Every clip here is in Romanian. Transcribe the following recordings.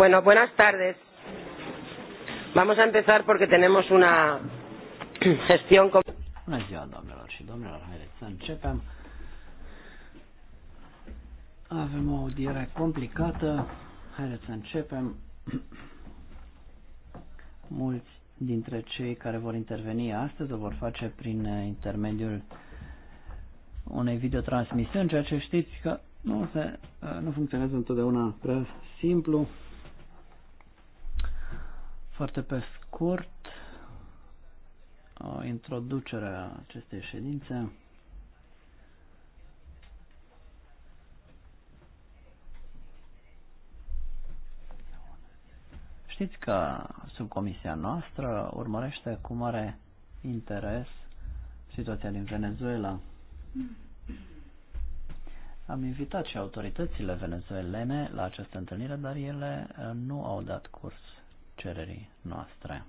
Bueno, buenas tardes. Vamos a empezar porque tenemos una gestión... Con... Bună ziua, doamnelor și domnilor. Haideți să începem. Avem o audiere complicată. Haideți să începem. Mulți dintre cei care vor interveni astăzi o vor face prin intermediul unei videotransmisiuni, ceea ce știți că nu, se, nu funcționează întotdeauna prea simplu. Foarte pe scurt, introducerea acestei ședințe. Știți că subcomisia noastră urmărește cu mare interes situația din Venezuela. Am invitat și autoritățile venezuelene la această întâlnire, dar ele uh, nu au dat curs cererii noastre.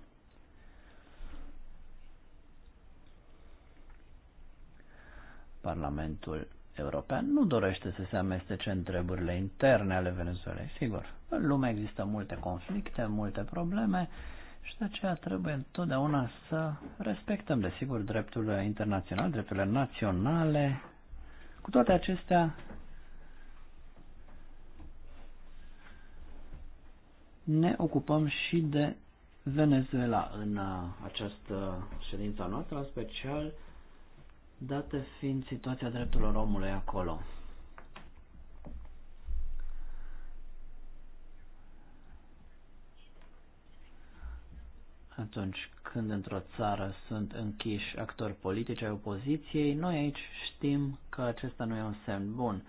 Parlamentul European nu dorește să se amestece în treburile interne ale Venezuelei, sigur. În lume există multe conflicte, multe probleme și de aceea trebuie întotdeauna să respectăm, desigur, drepturile internaționale, drepturile naționale. Cu toate acestea, ne ocupăm și de Venezuela în uh, această ședință noastră, în special date fiind situația drepturilor omului acolo. Atunci când într-o țară sunt închiși actori politici ai opoziției, noi aici știm că acesta nu e un semn bun.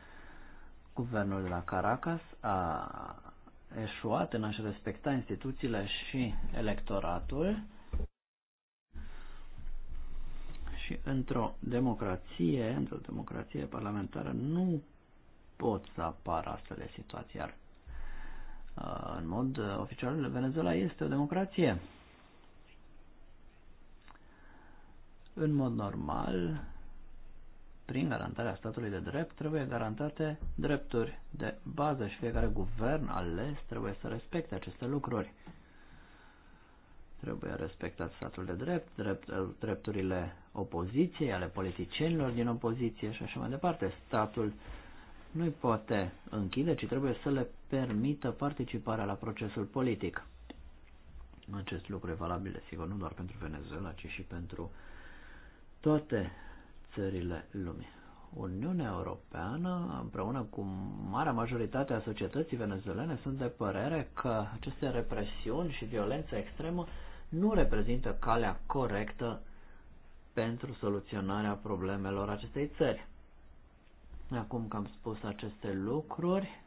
Guvernul de la Caracas a eșuat în a-și respecta instituțiile și electoratul și într-o democrație, într-o democrație parlamentară, nu pot să apară astfel de situații, iar uh, în mod oficial Venezuela este o democrație. În mod normal, prin garantarea statului de drept, trebuie garantate drepturi de bază și fiecare guvern ales trebuie să respecte aceste lucruri. Trebuie respectat statul de drept, drept drepturile opoziției, ale politicienilor din opoziție și așa mai departe. Statul nu îi poate închide, ci trebuie să le permită participarea la procesul politic. Acest lucru e valabil, desigur, nu doar pentru Venezuela, ci și pentru toate țările lumii. Uniunea Europeană, împreună cu marea majoritate a societății venezuelene, sunt de părere că aceste represiuni și violența extremă nu reprezintă calea corectă pentru soluționarea problemelor acestei țări. Acum că am spus aceste lucruri,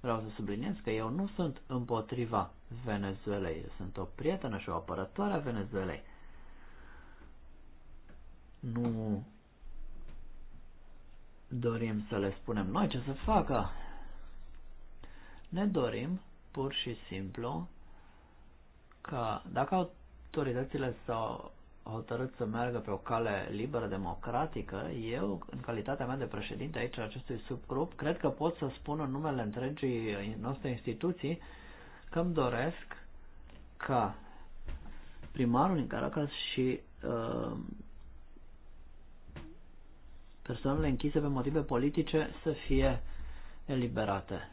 vreau să subliniez că eu nu sunt împotriva Venezuelei, eu sunt o prietenă și o apărătoare a Venezuelei. Nu dorim să le spunem noi ce să facă. Ne dorim pur și simplu că dacă autoritățile s-au hotărât să meargă pe o cale liberă democratică, eu, în calitatea mea de președinte aici, acestui subgrup, cred că pot să spun în numele întregii noastre instituții că îmi doresc ca primarul din Caracas și uh, persoanele închise pe motive politice să fie eliberate.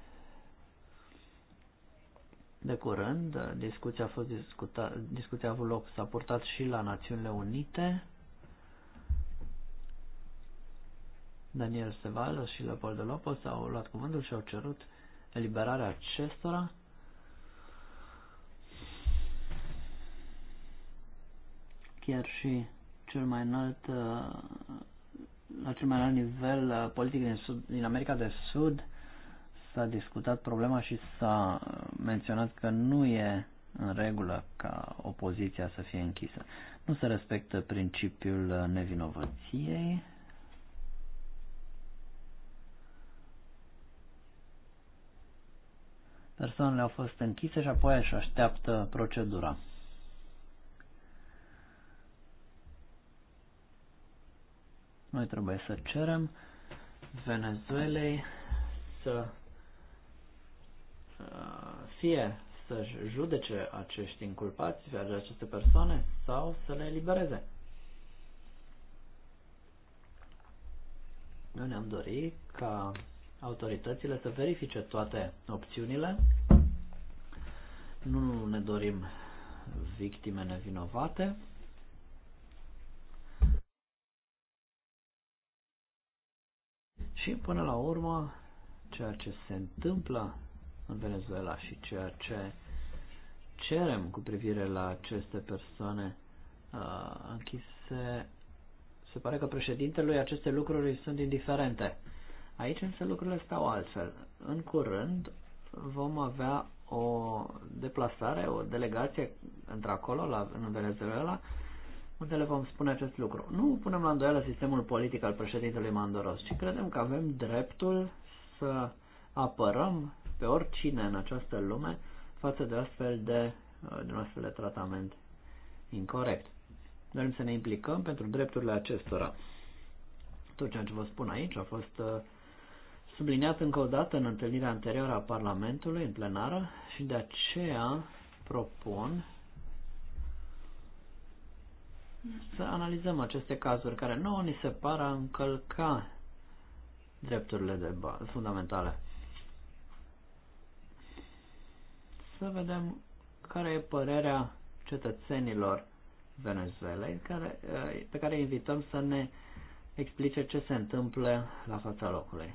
De curând, discuția a, fost discuta, discuția a avut loc, s-a purtat și la Națiunile Unite. Daniel Sevalos și de Lopez au luat cuvântul și au cerut eliberarea acestora. Chiar și cel mai înalt uh, la cel mai înalt nivel uh, politic din, Sud, din America de Sud s-a discutat problema și s-a uh, menționat că nu e în regulă ca opoziția să fie închisă. Nu se respectă principiul uh, nevinovăției. Persoanele au fost închise și apoi își așteaptă procedura. Noi trebuie să cerem Venezuelei să uh, fie să-și judece acești inculpați, aceste persoane, sau să le elibereze. Noi ne-am dorit ca autoritățile să verifice toate opțiunile. Nu ne dorim victime nevinovate, Și până la urmă, ceea ce se întâmplă în Venezuela și ceea ce cerem cu privire la aceste persoane uh, închise, se pare că președintelui aceste lucruri sunt indiferente. Aici însă lucrurile stau altfel. În curând vom avea o deplasare, o delegație într-acolo, la, în Venezuela, unde le vom spune acest lucru. Nu punem la îndoială sistemul politic al președintelui Mandoros, ci credem că avem dreptul să apărăm pe oricine în această lume față de astfel de, de un astfel de tratament incorrect. Dorim să ne implicăm pentru drepturile acestora. Tot ceea ce vă spun aici a fost uh, subliniat încă o dată în întâlnirea anterioară a Parlamentului, în plenară, și de aceea propun să analizăm aceste cazuri care nouă ni se par a încălca drepturile de fundamentale. Să vedem care e părerea cetățenilor Venezuelei, care, eh, pe care invităm să ne explice ce se întâmplă la fața locului.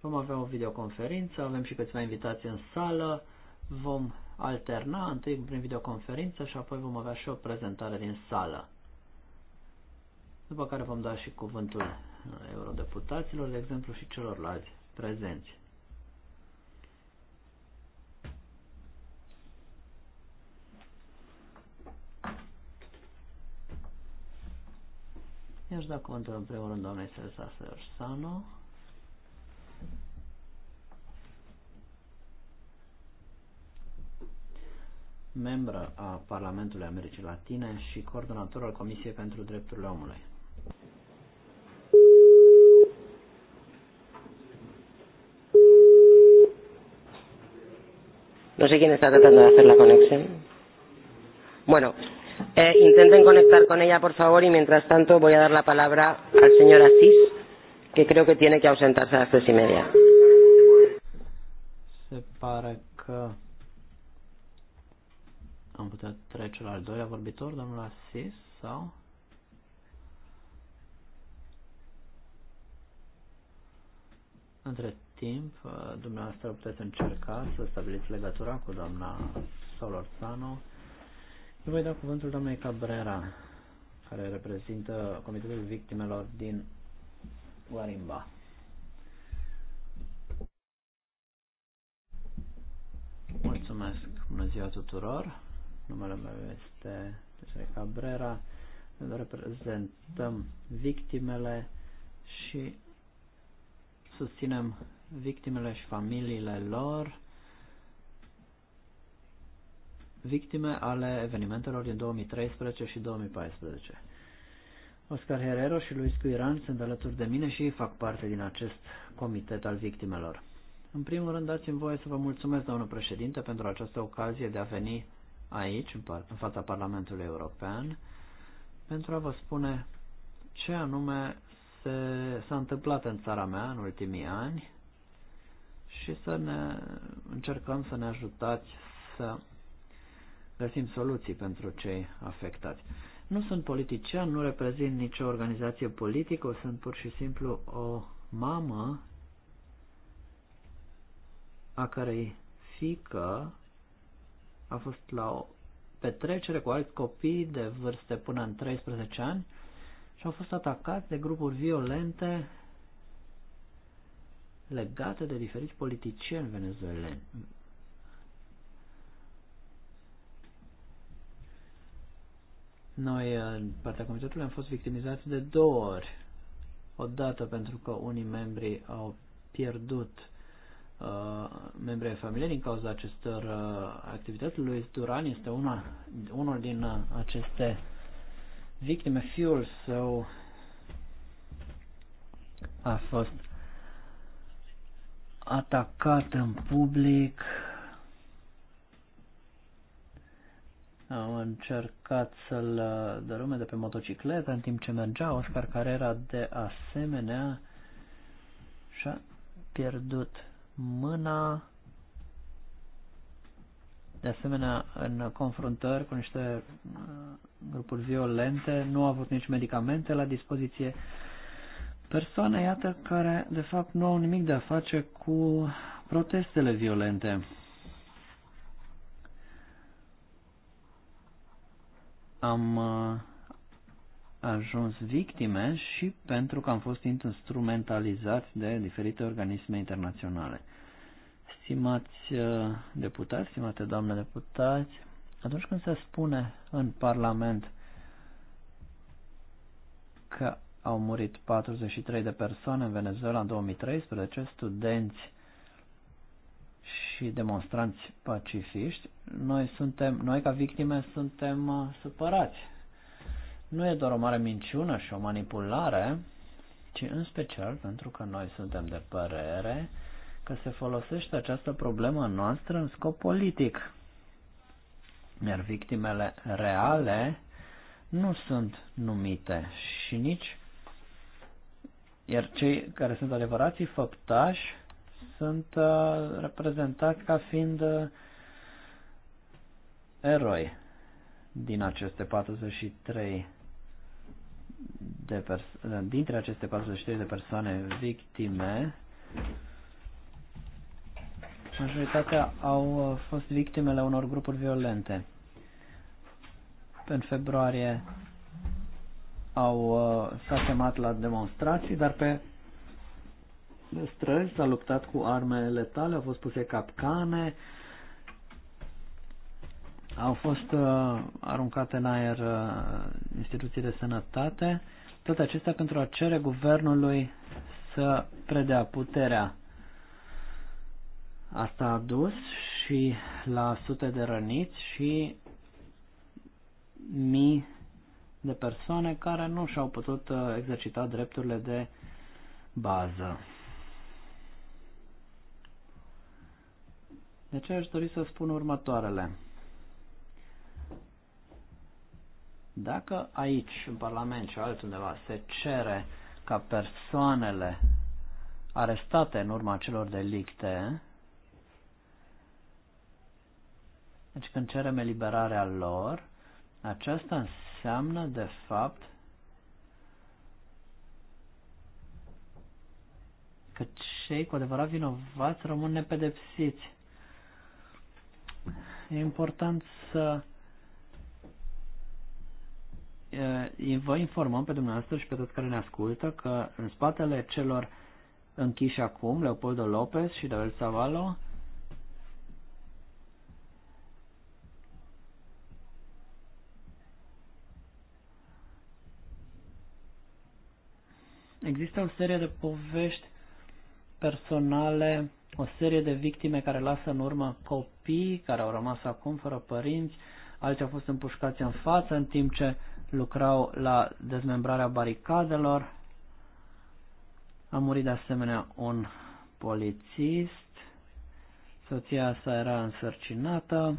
Vom avea o videoconferință, avem și câțiva invitații în sală, vom alterna, întâi prin videoconferință și apoi vom avea și o prezentare din sală. După care vom da și cuvântul eurodeputaților, de exemplu, și celorlalți prezenți. I-aș da cuvântul în primul rând doamnei Selsa Sano. membră a Parlamentului Americii Latine și coordonator al Comisiei pentru Drepturile Omului. No sé quién está tratando de hacer la conexión. Bueno, eh, intenten conectar con ella, por favor, y mientras tanto voy a dar la palabra al señor Asís, que creo que tiene que ausentarse a las tres y media. Se pare că am putea trece la al doilea vorbitor, domnul Asis, sau... Între timp, uh, dumneavoastră puteți încerca să stabiliți legătura cu doamna Solorzano. Eu voi da cuvântul doamnei Cabrera, care reprezintă Comitetul Victimelor din Guarimba. Mulțumesc! Bună ziua tuturor! numele meu este José Cabrera, reprezentăm victimele și susținem victimele și familiile lor, victime ale evenimentelor din 2013 și 2014. Oscar Herrero și Luis Cuiran sunt alături de mine și fac parte din acest comitet al victimelor. În primul rând, dați-mi voie să vă mulțumesc, domnul președinte, pentru această ocazie de a veni aici, în, par- în fața Parlamentului European, pentru a vă spune ce anume s-a întâmplat în țara mea în ultimii ani și să ne încercăm să ne ajutați să găsim soluții pentru cei afectați. Nu sunt politician, nu reprezint nicio organizație politică, sunt pur și simplu o mamă a cărei fică a fost la o petrecere cu alți copii de vârste până în 13 ani și au fost atacați de grupuri violente legate de diferiți politicieni venezueleni. Noi, în partea comitetului, am fost victimizați de două ori. O dată pentru că unii membri au pierdut Uh, membrii familiei din cauza acestor uh, activități. Lui Duran este una, unul din uh, aceste victime. Fiul său a fost atacat în public. Au încercat să-l dărume de pe motocicletă în timp ce mergea. Oscar Carrera de asemenea și-a pierdut mâna. De asemenea, în confruntări cu niște uh, grupuri violente, nu au avut nici medicamente la dispoziție. Persoane, iată, care de fapt nu au nimic de a face cu protestele violente. Am uh, ajuns victime și pentru că am fost instrumentalizați de diferite organisme internaționale. Stimați uh, deputați, stimate doamne deputați, atunci când se spune în Parlament că au murit 43 de persoane în Venezuela în 2013, studenți și demonstranți pacifiști, noi, suntem, noi ca victime suntem uh, supărați. Nu e doar o mare minciună și o manipulare, ci în special pentru că noi suntem de părere că se folosește această problemă noastră în scop politic. Iar victimele reale nu sunt numite și nici iar cei care sunt adevărații făptași sunt uh, reprezentați ca fiind uh, eroi din aceste 43 de dintre aceste 43 de persoane victime Majoritatea au uh, fost victimele unor grupuri violente. În februarie au uh, s-a chemat la demonstrații, dar pe străzi s-a luptat cu arme letale, au fost puse capcane, au fost uh, aruncate în aer uh, instituții de sănătate, toate acestea pentru a cere guvernului să predea puterea. Asta a dus și la sute de răniți și mii de persoane care nu și-au putut uh, exercita drepturile de bază. De ce aș dori să spun următoarele. Dacă aici, în Parlament și altundeva, se cere ca persoanele arestate în urma celor delicte Deci când cerem eliberarea lor, aceasta înseamnă de fapt că cei cu adevărat vinovați rămân nepedepsiți. E important să vă informăm pe dumneavoastră și pe toți care ne ascultă că în spatele celor închiși acum, Leopoldo Lopez și David Savalo, Există o serie de povești personale, o serie de victime care lasă în urmă copii care au rămas acum fără părinți, alții au fost împușcați în față în timp ce lucrau la dezmembrarea baricadelor. A murit de asemenea un polițist, soția sa era însărcinată,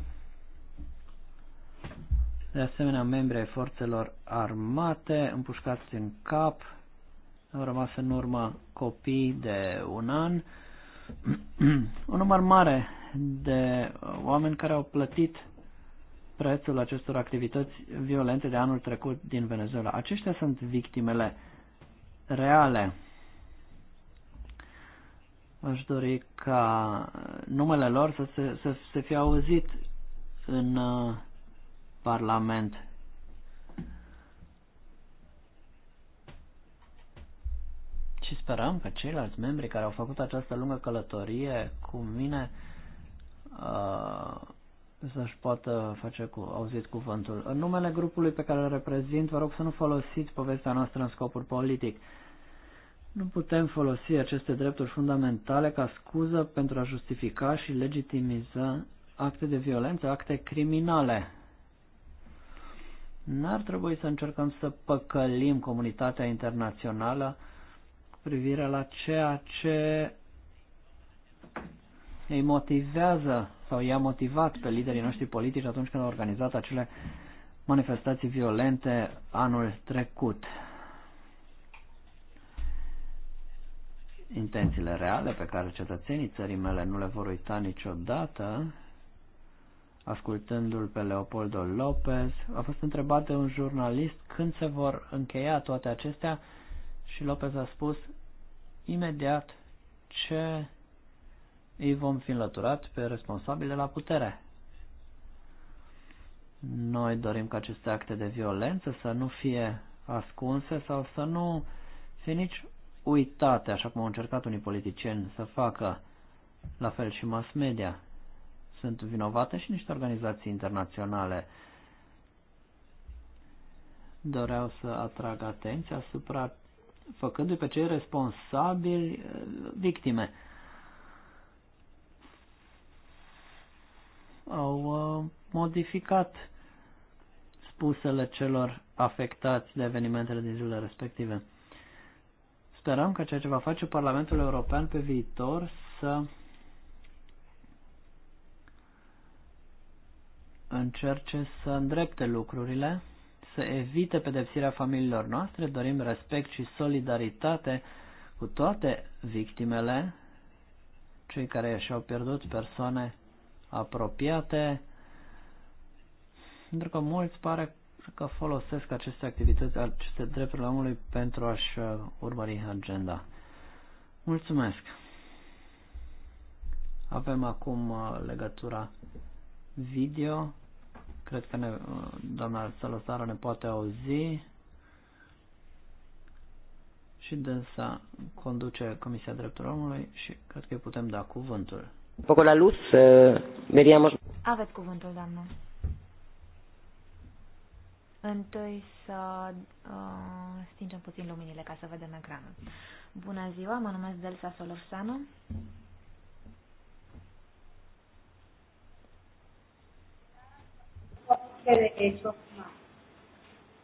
de asemenea membrii forțelor armate împușcați în cap, au rămas în urmă copii de un an, un număr mare de oameni care au plătit prețul acestor activități violente de anul trecut din Venezuela. Aceștia sunt victimele reale. Aș dori ca numele lor să se, să se fie auzit în uh, Parlament. și sperăm că ceilalți membri care au făcut această lungă călătorie cu mine uh, să-și poată face cu auzit cuvântul. În numele grupului pe care îl reprezint, vă rog să nu folosiți povestea noastră în scopuri politic. Nu putem folosi aceste drepturi fundamentale ca scuză pentru a justifica și legitimiza acte de violență, acte criminale. N-ar trebui să încercăm să păcălim comunitatea internațională privire la ceea ce îi motivează sau i-a motivat pe liderii noștri politici atunci când au organizat acele manifestații violente anul trecut. Intențiile reale pe care cetățenii țării mele nu le vor uita niciodată, ascultându-l pe Leopoldo Lopez, a fost întrebat de un jurnalist când se vor încheia toate acestea și Lopez a spus imediat ce îi vom fi înlăturat pe responsabile la putere. Noi dorim ca aceste acte de violență să nu fie ascunse sau să nu fie nici uitate, așa cum au încercat unii politicieni să facă, la fel și mass media. Sunt vinovate și niște organizații internaționale. Doreau să atrag atenția asupra făcându-i pe cei responsabili eh, victime. Au eh, modificat spusele celor afectați de evenimentele din zilele respective. Sperăm că ceea ce va face Parlamentul European pe viitor să încerce să îndrepte lucrurile să evite pedepsirea familiilor noastre, dorim respect și solidaritate cu toate victimele, cei care și-au pierdut persoane apropiate, pentru că mulți pare că folosesc aceste activități, aceste drepturi la omului pentru a-și uh, urmări agenda. Mulțumesc! Avem acum uh, legătura video Cred că ne, doamna Salazar ne poate auzi și dânsa conduce Comisia Drepturilor Omului și cred că îi putem da cuvântul. Poco la luz, veriamo. Aveți cuvântul, doamnă. Întâi să uh, stingem puțin luminile ca să vedem ecranul. Bună ziua, mă numesc Delsa Solorsanu. de derechos humanos.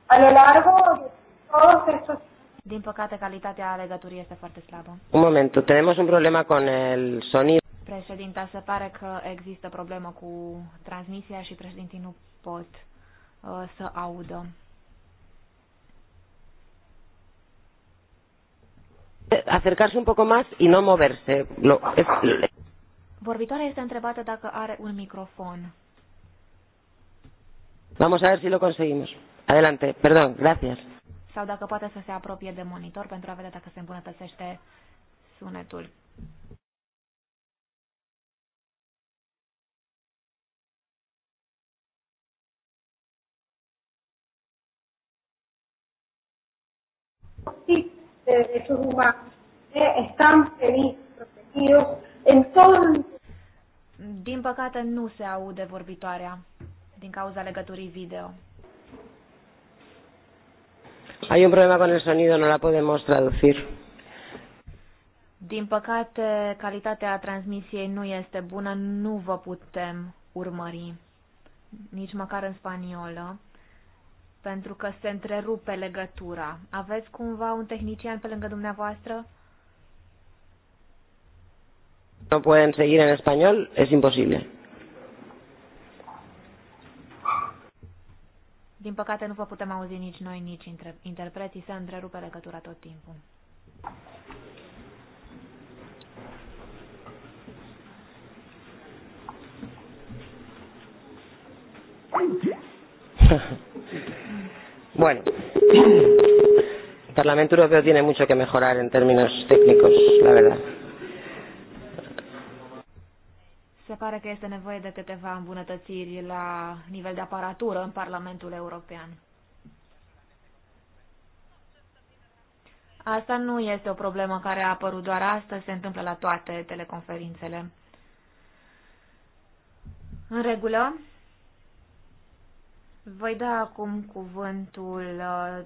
A lo largo de todos estos Din păcate, calitatea legăturii este foarte slabă. Un moment, tenemos un problema con el sonido. Președinta, se pare că există problemă cu transmisia și președintii nu pot uh, să audă. Acercarse un poco más y no moverse. Lo, Vorbitoarea este întrebată dacă are un microfon. Vamos a ver si lo conseguimos. Adelante, perdón, gracias. Sau dacă poate să se apropie de monitor pentru a vedea dacă se îmbunătățește sunetul. de eh, derechos humanos eh, están protegidos en todo Din păcate nu se aude vorbitoarea din cauza legăturii video. Hay un problema con el sonido, no la podemos traducir. Din păcate, calitatea transmisiei nu este bună, nu vă putem urmări, nici măcar în spaniolă, pentru că se întrerupe legătura. Aveți cumva un tehnician pe lângă dumneavoastră? No pueden seguir în spaniol, es imposible. Din păcate nu vă putem auzi nici noi, nici interpreții, să întrerupe legătura tot timpul. bueno, el Parlamento Europeo tiene mucho que mejorar en términos técnicos, la verdad. se pare că este nevoie de câteva îmbunătățiri la nivel de aparatură în Parlamentul European. Asta nu este o problemă care a apărut doar astăzi, se întâmplă la toate teleconferințele. În regulă, voi da acum cuvântul uh,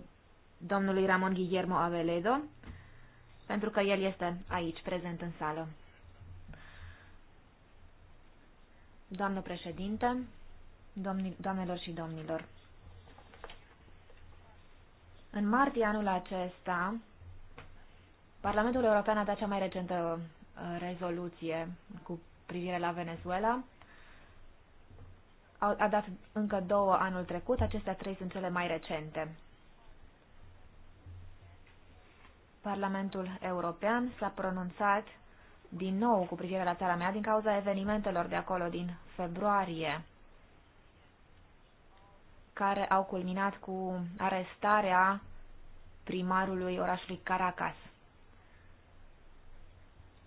domnului Ramon Guillermo Aveledo, pentru că el este aici, prezent în sală. Doamnă președinte, doamnelor și domnilor, în martie anul acesta, Parlamentul European a dat cea mai recentă uh, rezoluție cu privire la Venezuela. A dat încă două anul trecut, acestea trei sunt cele mai recente. Parlamentul European s-a pronunțat din nou cu privire la țara mea din cauza evenimentelor de acolo din februarie, care au culminat cu arestarea primarului orașului Caracas.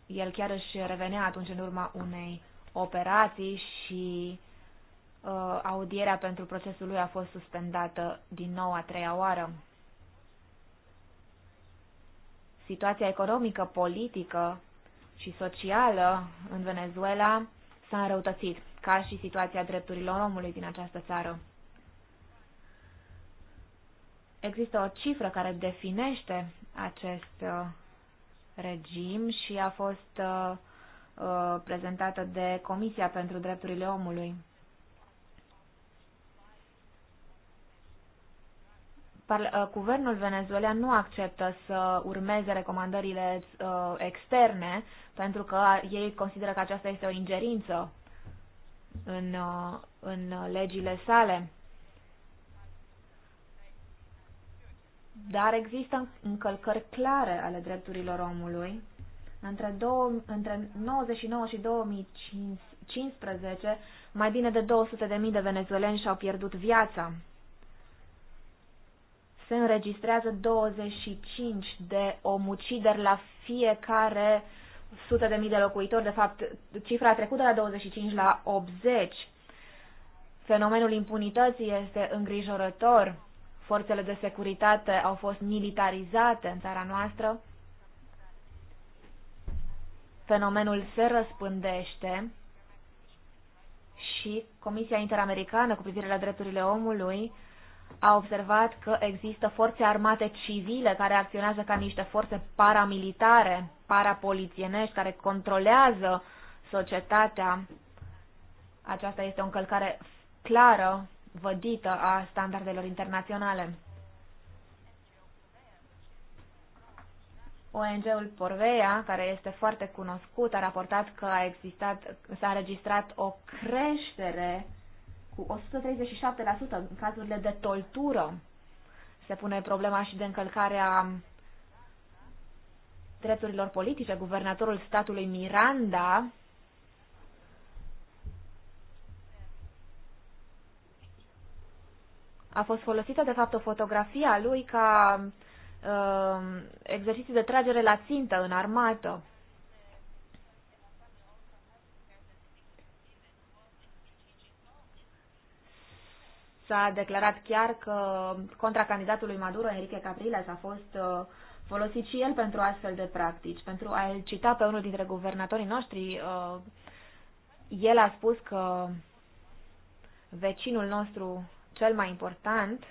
El chiar își revenea atunci în urma unei operații și uh, audierea pentru procesul lui a fost suspendată din nou a treia oară. Situația economică, politică și socială în Venezuela s-a înrăutățit, ca și situația drepturilor omului din această țară. Există o cifră care definește acest uh, regim și a fost uh, uh, prezentată de Comisia pentru Drepturile Omului. Uh, guvernul Venezuela nu acceptă să urmeze recomandările uh, externe pentru că ei consideră că aceasta este o ingerință în, uh, în legile sale. Dar există încălcări clare ale drepturilor omului. Între, două, între 99 și 2015, mai bine de 200.000 de venezueleni și-au pierdut viața se înregistrează 25 de omucideri la fiecare sute de mii de locuitori, de fapt cifra a trecut de la 25 la 80. Fenomenul impunității este îngrijorător. Forțele de securitate au fost militarizate în țara noastră. Fenomenul se răspândește și Comisia Interamericană cu privire la drepturile omului a observat că există forțe armate civile care acționează ca niște forțe paramilitare, parapolițienești, care controlează societatea. Aceasta este o încălcare clară, vădită a standardelor internaționale. ONG-ul Porvea, care este foarte cunoscut, a raportat că a existat, s-a registrat o creștere cu 137% în cazurile de tortură. Se pune problema și de încălcarea drepturilor politice. Guvernatorul statului Miranda a fost folosită, de fapt, o fotografie a lui ca uh, exerciții de tragere la țintă în armată. s-a declarat chiar că contra candidatului Maduro, Enrique Capriles, a fost uh, folosit și el pentru astfel de practici. Pentru a-l cita pe unul dintre guvernatorii noștri, uh, el a spus că vecinul nostru cel mai important,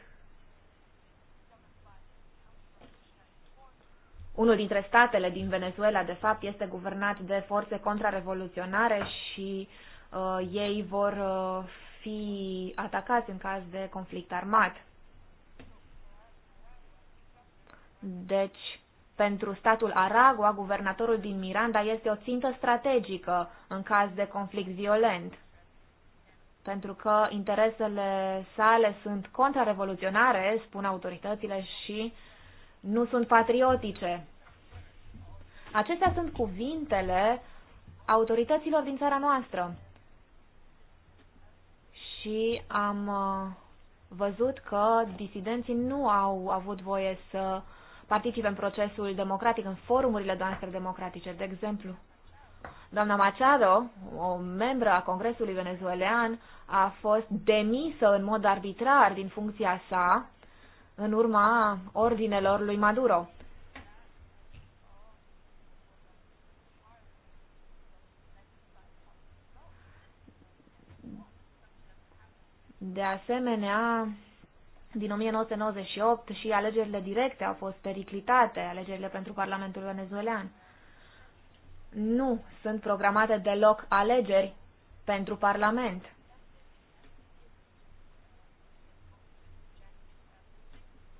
unul dintre statele din Venezuela, de fapt, este guvernat de forțe contrarevoluționare și uh, ei vor uh, fi atacați în caz de conflict armat. Deci, pentru statul Aragua, guvernatorul din Miranda este o țintă strategică în caz de conflict violent, pentru că interesele sale sunt contrarevoluționare, spun autoritățile, și nu sunt patriotice. Acestea sunt cuvintele autorităților din țara noastră și am uh, văzut că disidenții nu au avut voie să participe în procesul democratic, în forumurile noastre democratice. De exemplu, doamna Machado, o membră a Congresului venezuelean, a fost demisă în mod arbitrar din funcția sa în urma ordinelor lui Maduro. De asemenea, din 1998 și alegerile directe au fost periclitate, alegerile pentru Parlamentul venezuelan. Nu sunt programate deloc alegeri pentru Parlament.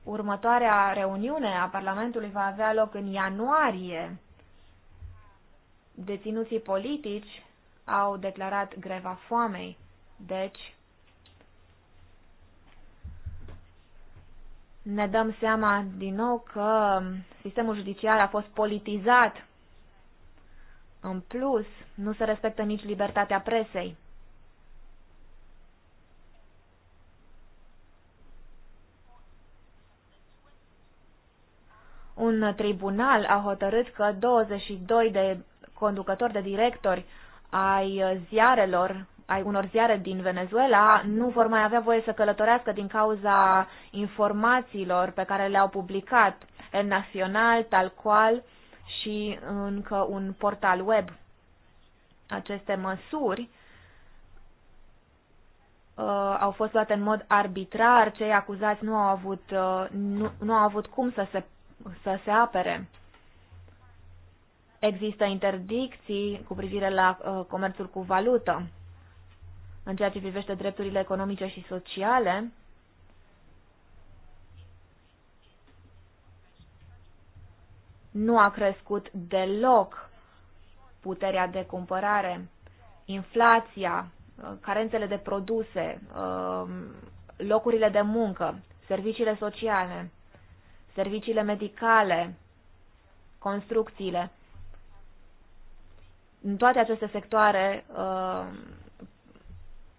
Următoarea reuniune a Parlamentului va avea loc în ianuarie. Deținuții politici au declarat greva foamei, deci ne dăm seama din nou că sistemul judiciar a fost politizat. În plus, nu se respectă nici libertatea presei. Un tribunal a hotărât că 22 de conducători de directori ai ziarelor ai unor ziare din Venezuela nu vor mai avea voie să călătorească din cauza informațiilor pe care le-au publicat El Tal Cual și încă un portal web. Aceste măsuri uh, au fost luate în mod arbitrar, cei acuzați nu au avut, uh, nu, nu au avut cum să se, să se apere. Există interdicții cu privire la uh, comerțul cu valută în ceea ce privește drepturile economice și sociale, nu a crescut deloc puterea de cumpărare, inflația, uh, carențele de produse, uh, locurile de muncă, serviciile sociale, serviciile medicale, construcțiile. În toate aceste sectoare uh,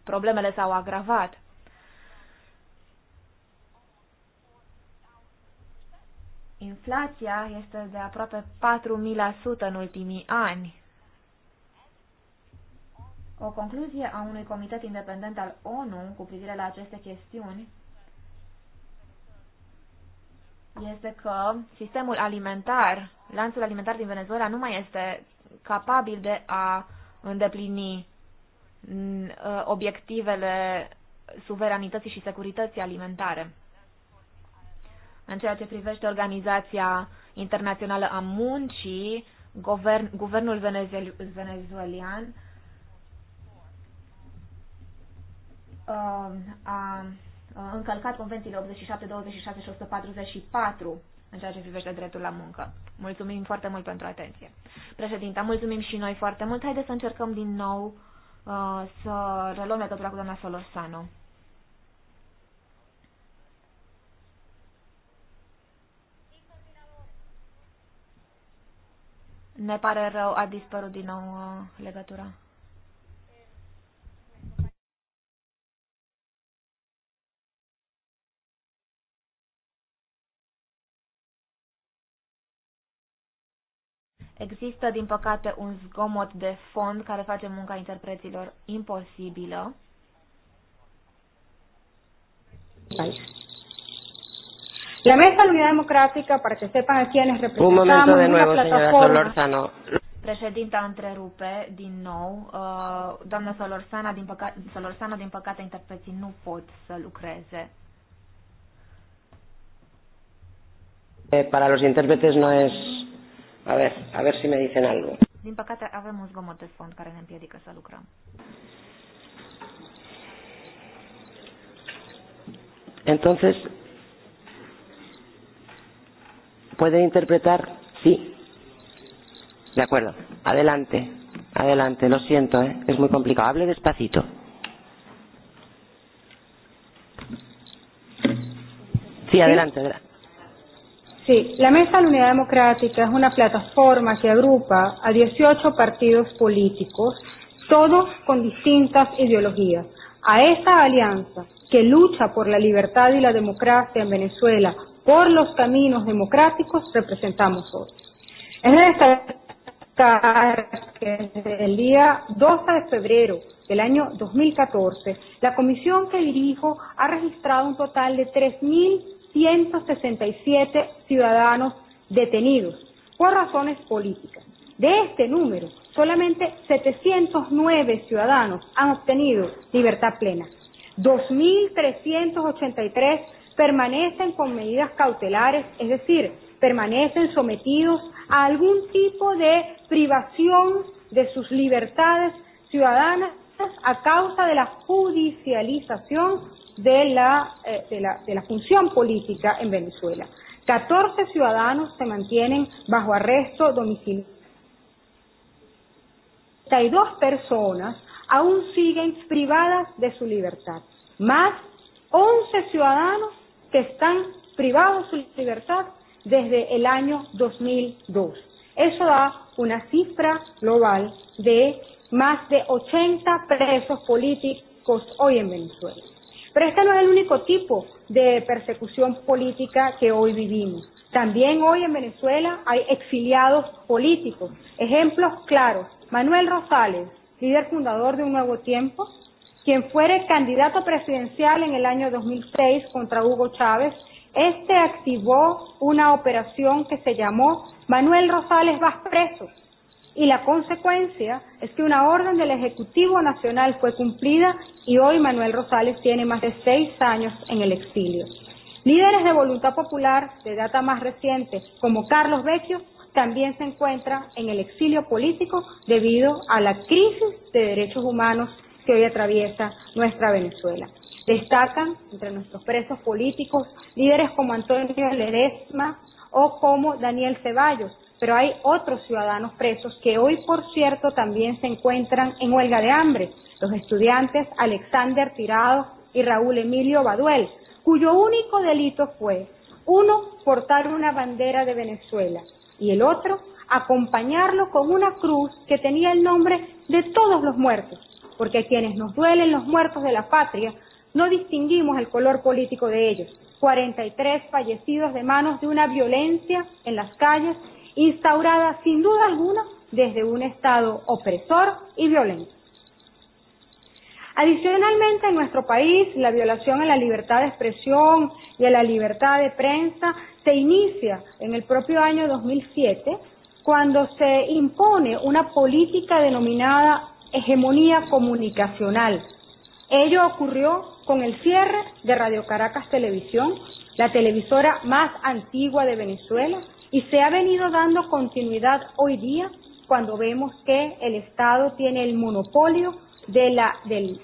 problemele s-au agravat. Inflația este de aproape 4.000% în ultimii ani. O concluzie a unui comitet independent al ONU cu privire la aceste chestiuni este că sistemul alimentar, lanțul alimentar din Venezuela nu mai este capabil de a îndeplini Ă, obiectivele suveranității și securității alimentare. În ceea ce privește Organizația Internațională a Muncii, guvern, guvernul venezuelian ă, a încălcat convențiile 87, 26 și 144 în ceea ce privește dreptul la muncă. Mulțumim foarte mult pentru atenție. Președinta, mulțumim și noi foarte mult. Haideți să încercăm din nou Uh, să reluăm legătura cu doamna Solorsano. Ne pare rău, a dispărut din nou uh, legătura. Există, din păcate, un zgomot de fond care face munca interpreților imposibilă. La Mesa Unidad Democrática, para que sepan a quienes representamos, de nuevo, señora Solorzano. Președinta întrerupe din nou. Uh, doamna Solorsana, din, păca- Solorsana, din păcate, interpreții nu pot să lucreze. Eh, para los intérpretes no es a ver, a ver si me dicen algo. Din păcate avem un zgomot de fond care ne împiedică să lucrăm. Entonces, puede interpretar? Sí. De acuerdo. Adelante. Adelante. Lo siento, ¿eh? es muy complicado. Hable despacito. Sí, adelante. adelante. Sí, la Mesa de la Unidad Democrática es una plataforma que agrupa a 18 partidos políticos, todos con distintas ideologías. A esta alianza que lucha por la libertad y la democracia en Venezuela, por los caminos democráticos, representamos hoy. Es destacar que desde el día 12 de febrero del año 2014, la comisión que dirijo ha registrado un total de 3.000 167 ciudadanos detenidos por razones políticas. De este número, solamente 709 ciudadanos han obtenido libertad plena. 2.383 permanecen con medidas cautelares, es decir, permanecen sometidos a algún tipo de privación de sus libertades ciudadanas a causa de la judicialización de la, eh, de la, de la función política en Venezuela. 14 ciudadanos se mantienen bajo arresto domiciliario. 32 personas aún siguen privadas de su libertad, más 11 ciudadanos que están privados de su libertad desde el año 2002. Eso da una cifra global de más de 80 presos políticos hoy en Venezuela. Pero este no es el único tipo de persecución política que hoy vivimos. También hoy en Venezuela hay exiliados políticos. Ejemplos claros. Manuel Rosales, líder fundador de Un Nuevo Tiempo, quien fuere candidato presidencial en el año 2006 contra Hugo Chávez, este activó una operación que se llamó Manuel Rosales vas preso, y la consecuencia es que una orden del Ejecutivo Nacional fue cumplida y hoy Manuel Rosales tiene más de seis años en el exilio. Líderes de voluntad popular de data más reciente, como Carlos Vecchio, también se encuentra en el exilio político debido a la crisis de derechos humanos que hoy atraviesa nuestra Venezuela. Destacan entre nuestros presos políticos líderes como Antonio Ledesma o como Daniel Ceballos, pero hay otros ciudadanos presos que hoy, por cierto, también se encuentran en huelga de hambre, los estudiantes Alexander Tirado y Raúl Emilio Baduel, cuyo único delito fue, uno, portar una bandera de Venezuela y el otro, acompañarlo con una cruz que tenía el nombre de todos los muertos, porque a quienes nos duelen los muertos de la patria, no distinguimos el color político de ellos. 43 fallecidos de manos de una violencia en las calles instaurada sin duda alguna desde un Estado opresor y violento. Adicionalmente, en nuestro país, la violación a la libertad de expresión y a la libertad de prensa se inicia en el propio año 2007, cuando se impone una política denominada hegemonía comunicacional. Ello ocurrió con el cierre de Radio Caracas Televisión, la televisora más antigua de Venezuela, Y se ha venido dando continuidad hoy día cuando vemos que el Estado tiene el monopolio de la, del,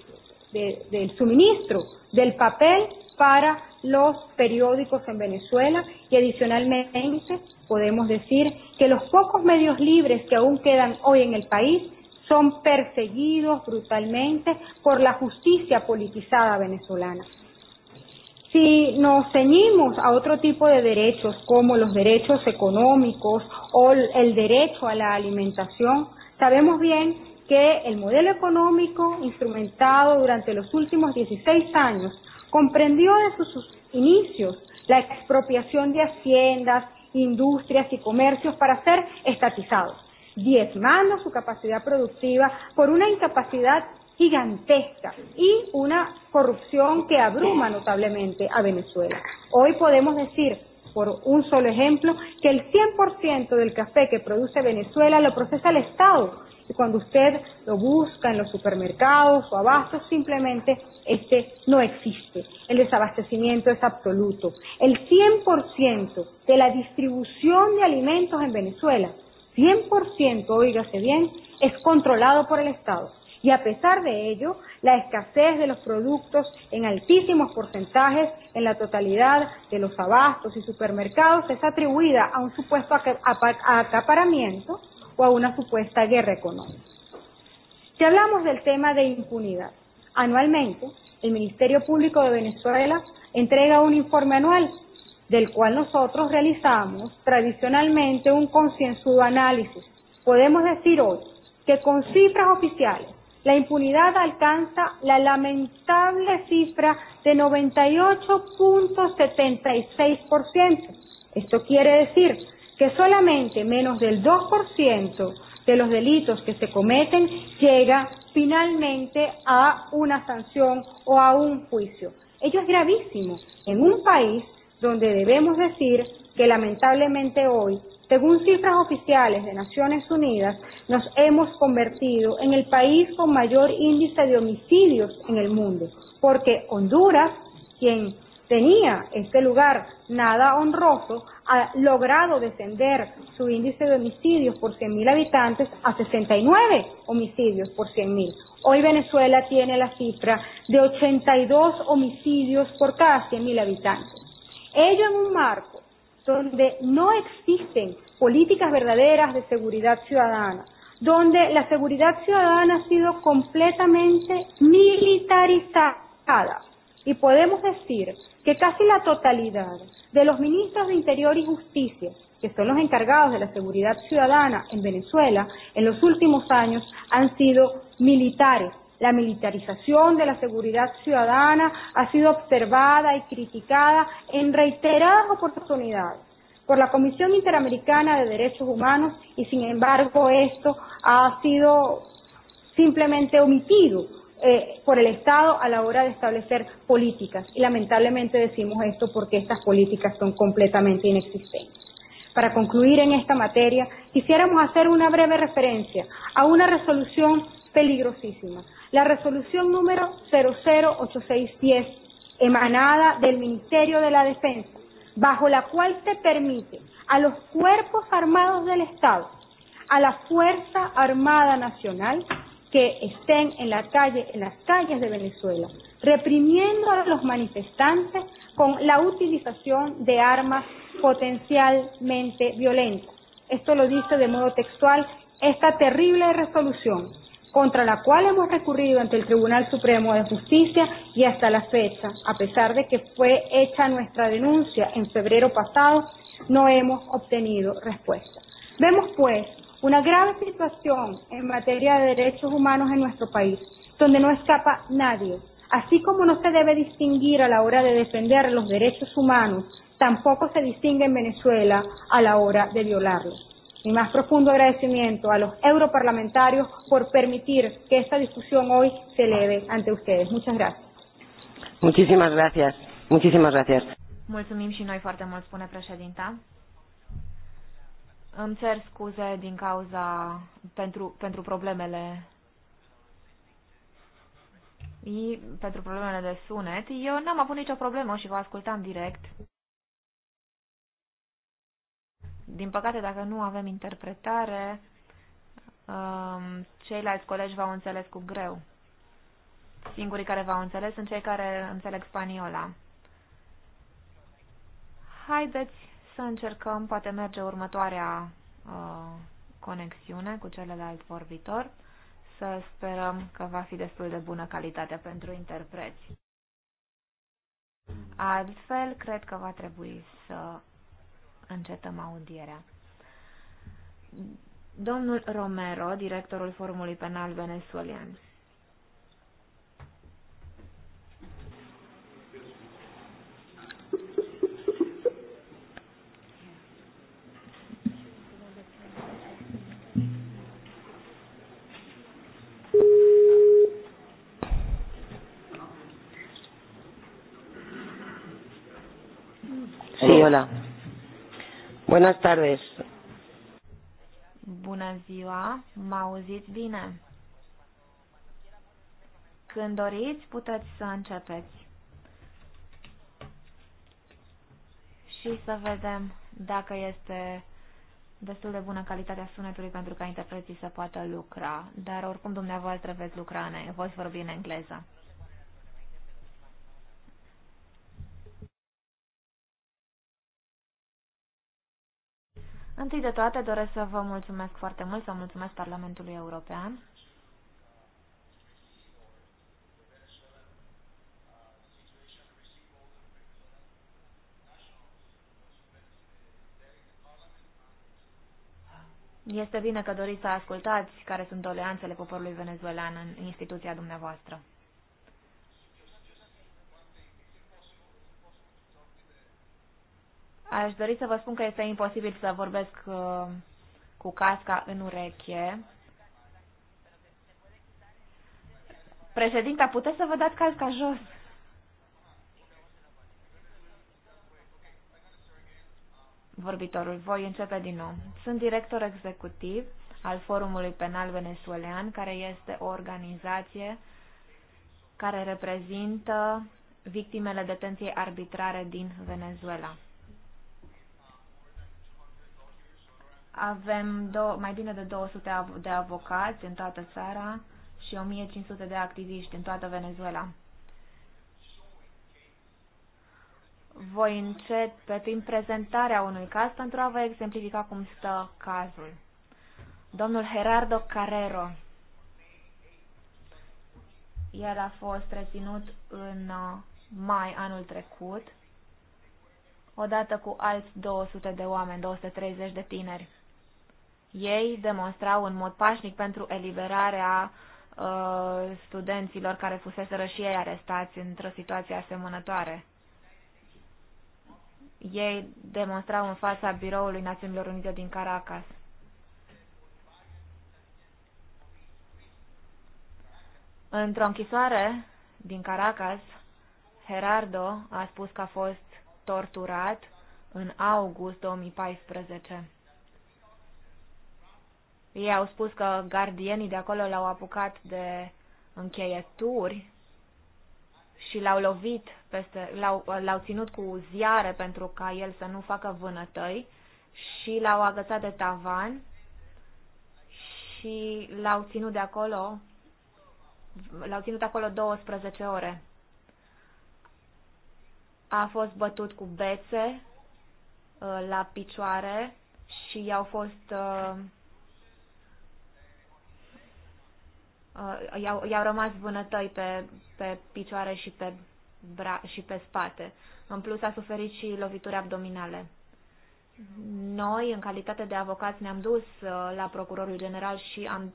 de, del suministro del papel para los periódicos en Venezuela y adicionalmente podemos decir que los pocos medios libres que aún quedan hoy en el país son perseguidos brutalmente por la justicia politizada venezolana. Si nos ceñimos a otro tipo de derechos como los derechos económicos o el derecho a la alimentación, sabemos bien que el modelo económico instrumentado durante los últimos 16 años comprendió desde sus inicios la expropiación de haciendas, industrias y comercios para ser estatizados, diezmando su capacidad productiva por una incapacidad gigantesca y una corrupción que abruma notablemente a Venezuela. Hoy podemos decir, por un solo ejemplo, que el 100% del café que produce Venezuela lo procesa el Estado. Y cuando usted lo busca en los supermercados o abastos, simplemente este no existe. El desabastecimiento es absoluto. El 100% de la distribución de alimentos en Venezuela, 100%, oígase bien, es controlado por el Estado. Y a pesar de ello, la escasez de los productos en altísimos porcentajes en la totalidad de los abastos y supermercados es atribuida a un supuesto acaparamiento o a una supuesta guerra económica. Si hablamos del tema de impunidad, anualmente el Ministerio Público de Venezuela entrega un informe anual del cual nosotros realizamos tradicionalmente un concienzudo análisis. Podemos decir hoy que con cifras oficiales la impunidad alcanza la lamentable cifra de 98.76%. Esto quiere decir que solamente menos del 2% de los delitos que se cometen llega finalmente a una sanción o a un juicio. Ello es gravísimo en un país donde debemos decir que lamentablemente hoy Según cifras oficiales de Naciones Unidas, nos hemos convertido en el país con mayor índice de homicidios en el mundo, porque Honduras, quien tenía este lugar nada honroso, ha logrado descender su índice de homicidios por 100.000 habitantes a 69 homicidios por 100.000. Hoy Venezuela tiene la cifra de 82 homicidios por cada 100.000 habitantes. Ello en un marco donde no existen políticas verdaderas de seguridad ciudadana, donde la seguridad ciudadana ha sido completamente militarizada. Y podemos decir que casi la totalidad de los ministros de Interior y Justicia, que son los encargados de la seguridad ciudadana en Venezuela, en los últimos años han sido militares, la militarización de la seguridad ciudadana ha sido observada y criticada en reiteradas oportunidades por la Comisión Interamericana de Derechos Humanos y sin embargo esto ha sido simplemente omitido eh, por el Estado a la hora de establecer políticas y lamentablemente decimos esto porque estas políticas son completamente inexistentes. Para concluir en esta materia, quisiéramos hacer una breve referencia a una resolución peligrosísima, la resolución número 008610, emanada del Ministerio de la Defensa, bajo la cual se permite a los cuerpos armados del Estado, a la Fuerza Armada Nacional, que estén en, la calle, en las calles de Venezuela, reprimiendo a los manifestantes con la utilización de armas potencialmente violentas. Esto lo dice de modo textual esta terrible resolución contra la cual hemos recurrido ante el Tribunal Supremo de Justicia y hasta la fecha, a pesar de que fue hecha nuestra denuncia en febrero pasado, no hemos obtenido respuesta. Vemos, pues, una grave situación en materia de derechos humanos en nuestro país, donde no escapa nadie. Así como no se debe distinguir a la hora de defender los derechos humanos, tampoco se distingue en Venezuela a la hora de violarlos. Mi más profundo agradecimiento a los europarlamentarios por permitir que esta discusión hoy se eleve ante ustedes. Muchas gracias. Muchísimas gracias. Muchísimas gracias. Mulțumim și noi foarte mult, spune președinta. Îmi cer scuze din cauza pentru, pentru problemele pentru problemele de sunet. Eu n-am avut nicio problemă și vă ascultam direct. Din păcate, dacă nu avem interpretare, um, ceilalți colegi v-au înțeles cu greu. Singurii care v-au înțeles sunt cei care înțeleg spaniola. Haideți să încercăm, poate merge următoarea uh, conexiune cu celălalt vorbitor. Să sperăm că va fi destul de bună calitate pentru interpreți. Altfel, cred că va trebui să încetăm audierea. Domnul Romero, directorul Forumului Penal Venezuelan. Buenas tardes. Bună ziua, mă auziți bine? Când doriți, puteți să începeți. Și să vedem dacă este destul de bună calitatea sunetului pentru ca interpreții să poată lucra. Dar oricum dumneavoastră veți lucra, voi vorbi în engleză. Întâi de toate doresc să vă mulțumesc foarte mult, să mulțumesc Parlamentului European. Este bine că doriți să ascultați care sunt doleanțele poporului venezuelan în instituția dumneavoastră. Aș dori să vă spun că este imposibil să vorbesc uh, cu casca în ureche. Președinta, puteți să vă dați casca jos? Vorbitorul, voi începe din nou. Sunt director executiv al Forumului Penal Venezuelan, care este o organizație care reprezintă victimele detenției arbitrare din Venezuela. Avem do- mai bine de 200 de avocați în toată țara și 1500 de activiști în toată Venezuela. Voi începe timp prezentarea unui caz pentru a vă exemplifica cum stă cazul. Domnul Gerardo Carrero. El a fost reținut în uh, mai anul trecut, odată cu alți 200 de oameni, 230 de tineri. Ei demonstrau în mod pașnic pentru eliberarea uh, studenților care fuseseră și ei arestați într-o situație asemănătoare. Ei demonstrau în fața Biroului Națiunilor Unite din Caracas. Într-o închisoare din Caracas, Gerardo a spus că a fost torturat în august 2014. Ei au spus că gardienii de acolo l-au apucat de încheieturi și l-au lovit, peste, l-au, l-au ținut cu ziare pentru ca el să nu facă vânătăi și l-au agățat de tavan și l-au ținut de acolo l-au ținut acolo 12 ore. A fost bătut cu bețe uh, la picioare și i-au fost uh, uh, i-au, rămas vânătăi pe, pe picioare și pe, bra- și pe spate. În plus a suferit și lovituri abdominale. Noi, în calitate de avocați, ne-am dus uh, la procurorul general și am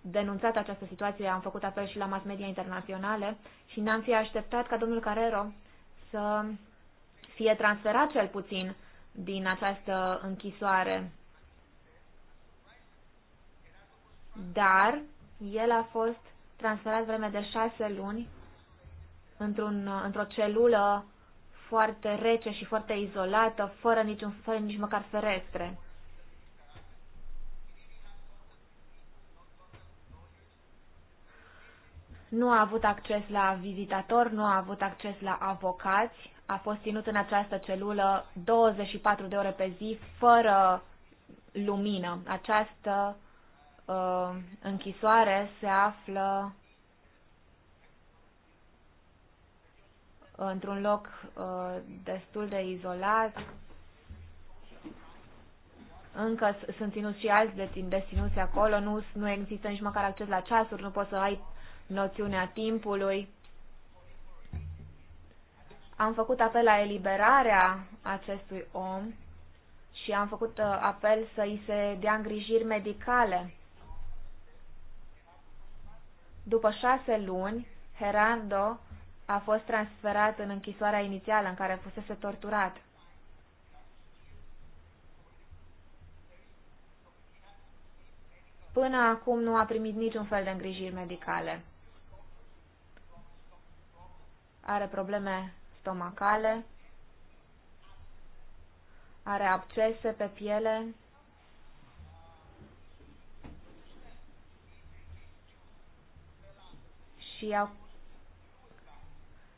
denunțat această situație, am făcut apel și la mass media internaționale și n am fi așteptat ca domnul Carrero să fie transferat cel puțin din această închisoare. Dar el a fost transferat vreme de șase luni într-un, într-o celulă foarte rece și foarte izolată, fără, niciun, fără nici măcar ferestre. Nu a avut acces la vizitator, nu a avut acces la avocați, a fost ținut în această celulă 24 de ore pe zi, fără lumină. Această uh, închisoare se află într-un loc uh, destul de izolat. Încă sunt ținuți și alți deținuți acolo, nu, nu există nici măcar acces la ceasuri, nu poți să ai noțiunea timpului. Am făcut apel la eliberarea acestui om și am făcut uh, apel să îi se dea îngrijiri medicale. După șase luni, Herando a fost transferat în închisoarea inițială în care fusese torturat. Până acum nu a primit niciun fel de îngrijiri medicale. Are probleme stomacale, are abcese pe piele, și i-a,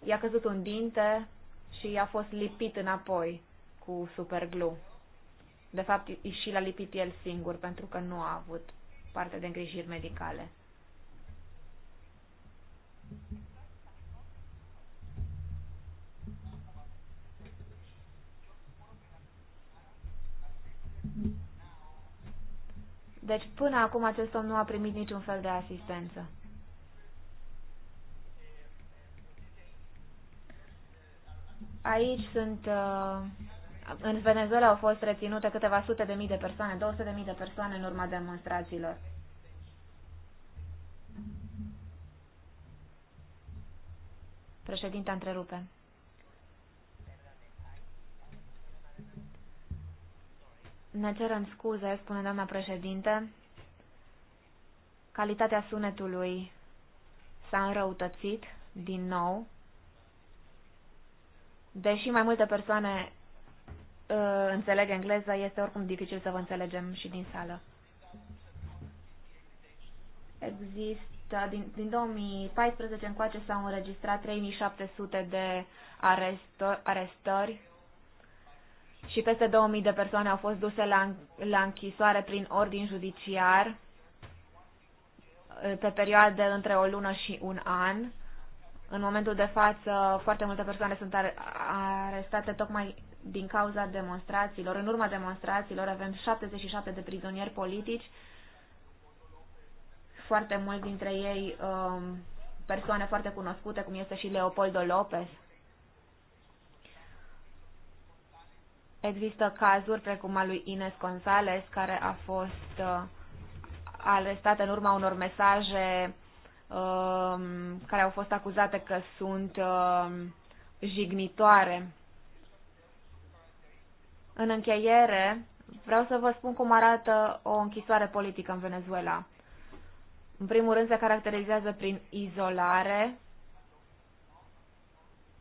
i-a căzut un dinte și i-a fost lipit înapoi cu superglu. De fapt, și l-a lipit el singur pentru că nu a avut parte de îngrijiri medicale. Deci până acum acest om nu a primit niciun fel de asistență. Aici sunt, uh, în Venezuela au fost reținute câteva sute de mii de persoane, 200 de mii de persoane în urma demonstrațiilor. Președinte, întrerupe. Ne cerem scuze, spune doamna președinte. Calitatea sunetului s-a înrăutățit din nou. Deși mai multe persoane uh, înțeleg engleza, este oricum dificil să vă înțelegem și din sală. Există, din, din 2014 încoace s-au înregistrat 3700 de arestor, arestări și peste 2000 de persoane au fost duse la, la închisoare prin ordin judiciar uh, pe perioade între o lună și un an. În momentul de față, foarte multe persoane sunt arestate tocmai din cauza demonstrațiilor. În urma demonstrațiilor avem 77 de prizonieri politici, foarte mulți dintre ei um, persoane foarte cunoscute, cum este și Leopoldo Lopez. Există cazuri precum al lui Ines González, care a fost uh, arestată în urma unor mesaje Um, care au fost acuzate că sunt um, jignitoare. În încheiere, vreau să vă spun cum arată o închisoare politică în Venezuela. În primul rând se caracterizează prin izolare.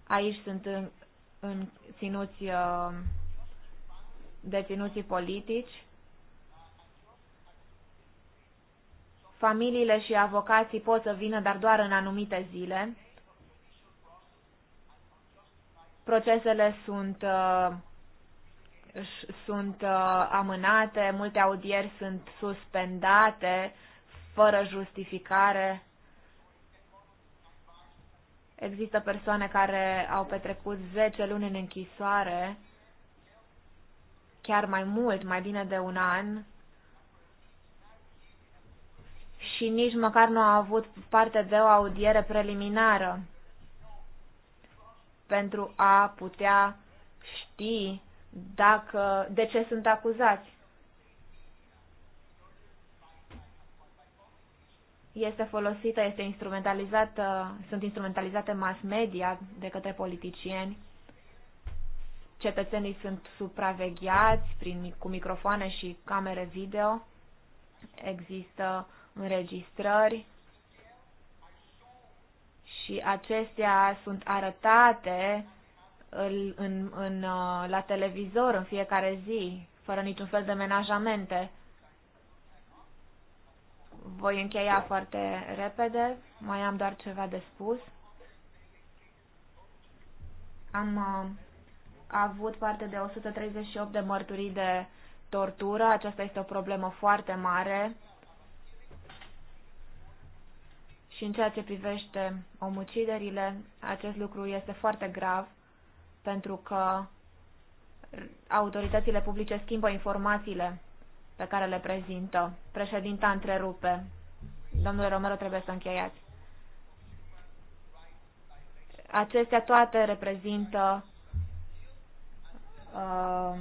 Aici sunt în, în ținuți, um, deținuții politici. familiile și avocații pot să vină, dar doar în anumite zile. Procesele sunt, uh, sunt uh, amânate, multe audieri sunt suspendate fără justificare. Există persoane care au petrecut 10 luni în închisoare, chiar mai mult, mai bine de un an, și nici măcar nu a avut parte de o audiere preliminară pentru a putea ști dacă, de ce sunt acuzați. Este folosită, este instrumentalizată, sunt instrumentalizate mass media de către politicieni. Cetățenii sunt supravegheați prin, cu microfoane și camere video. Există înregistrări și acestea sunt arătate în, în, în, uh, la televizor în fiecare zi, fără niciun fel de menajamente. Voi încheia foarte repede, mai am doar ceva de spus. Am uh, avut parte de 138 de mărturii de tortură, aceasta este o problemă foarte mare Și în ceea ce privește omuciderile, acest lucru este foarte grav pentru că autoritățile publice schimbă informațiile pe care le prezintă. Președinta întrerupe. Domnule Romero, trebuie să încheiați. Acestea toate reprezintă uh,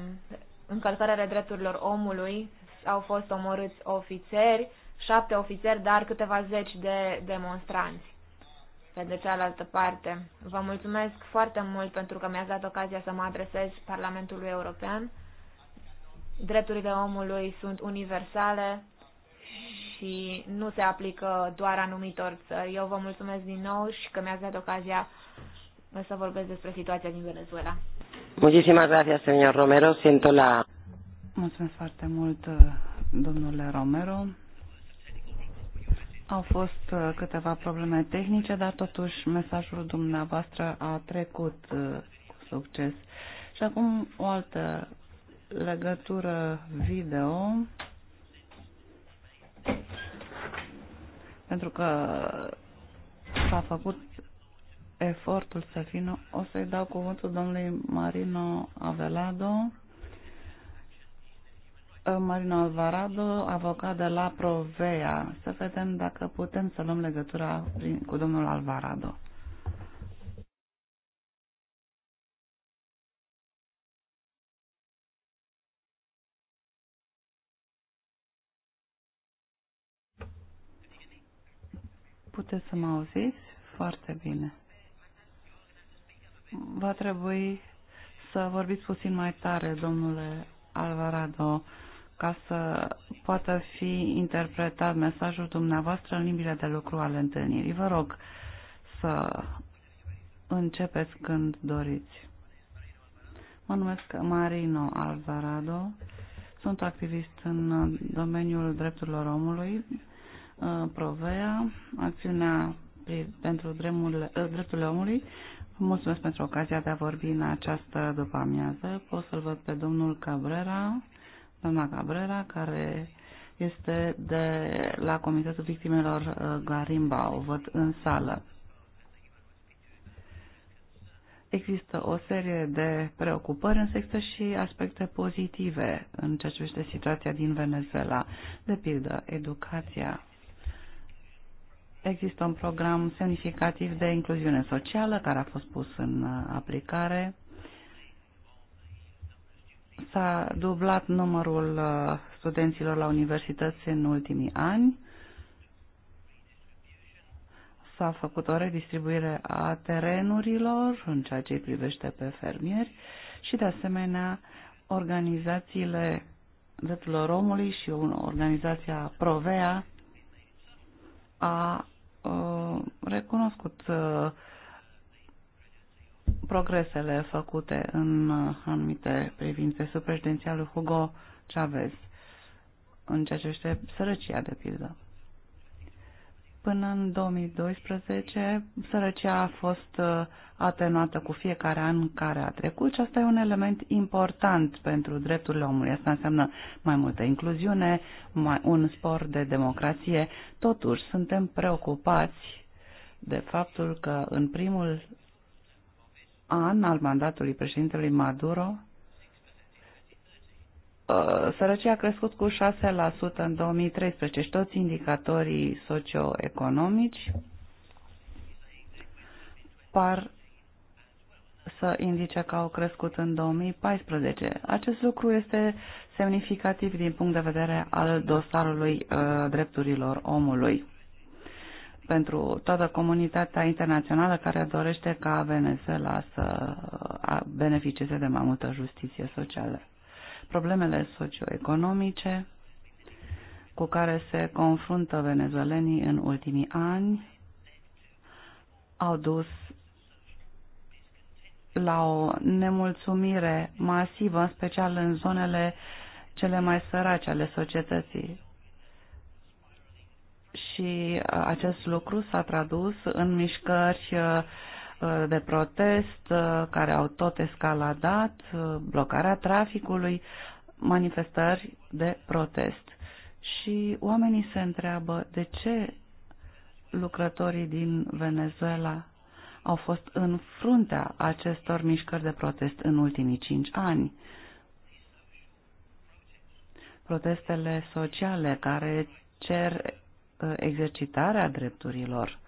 încălcarea drepturilor omului. Au fost omorâți ofițeri, șapte ofițeri, dar câteva zeci de demonstranți pe de cealaltă parte. Vă mulțumesc foarte mult pentru că mi-ați dat ocazia să mă adresez Parlamentului European. Drepturile omului sunt universale și nu se aplică doar anumitor țări. Eu vă mulțumesc din nou și că mi-ați dat ocazia să vorbesc despre situația din Venezuela. Muchísimas gracias, señor Romero. Siento la... Mulțumesc foarte mult, domnule Romero. Au fost uh, câteva probleme tehnice, dar totuși mesajul dumneavoastră a trecut uh, cu succes. Și acum o altă legătură video. Pentru că s-a făcut efortul să vină, o să-i dau cuvântul domnului Marino Avelado. Marino Alvarado, avocat de la Provea. Să vedem dacă putem să luăm legătura prin, cu domnul Alvarado. Puteți să mă auziți? Foarte bine. Va trebui să vorbiți puțin mai tare, domnule Alvarado. Uh, ca să poată fi interpretat mesajul dumneavoastră în limbile de lucru ale întâlnirii. Vă rog să începeți când doriți. Mă numesc Marino Alvarado, sunt activist în domeniul drepturilor omului, uh, Provea, acțiunea pentru uh, drepturile omului. Mulțumesc pentru ocazia de a vorbi în această după amiază. Pot să-l văd pe domnul Cabrera, doamna Cabrera, care este de la Comitetul Victimelor uh, Garimba, o văd în sală. Există o serie de preocupări, însă există și aspecte pozitive în ceea ce privește situația din Venezuela, de pildă educația. Există un program semnificativ de incluziune socială care a fost pus în uh, aplicare S-a dublat numărul uh, studenților la universități în ultimii ani. S-a făcut o redistribuire a terenurilor în ceea ce îi privește pe fermieri și, de asemenea, organizațiile drepturilor omului și organizația Provea a uh, recunoscut uh, progresele făcute în uh, anumite privințe sub președinția lui Hugo Chavez în ceea ce este sărăcia, de pildă. Până în 2012, sărăcia a fost uh, atenuată cu fiecare an care a trecut și asta e un element important pentru drepturile omului. Asta înseamnă mai multă incluziune, mai un spor de democrație. Totuși, suntem preocupați de faptul că în primul an al mandatului președintelui Maduro, uh, sărăcia a crescut cu 6% în 2013 și toți indicatorii socioeconomici par să indice că au crescut în 2014. Acest lucru este semnificativ din punct de vedere al dosarului uh, drepturilor omului pentru toată comunitatea internațională care dorește ca Venezuela să beneficieze de mai multă justiție socială. Problemele socioeconomice cu care se confruntă venezuelenii în ultimii ani au dus la o nemulțumire masivă, în special în zonele cele mai sărace ale societății și uh, acest lucru s-a tradus în mișcări uh, uh, de protest care au tot escaladat, blocarea traficului, manifestări de protest. Și oamenii se întreabă de ce lucrătorii din Venezuela au fost în fruntea acestor mișcări de protest în ultimii cinci ani. Protestele sociale care cer Uh, exercitarea drepturilor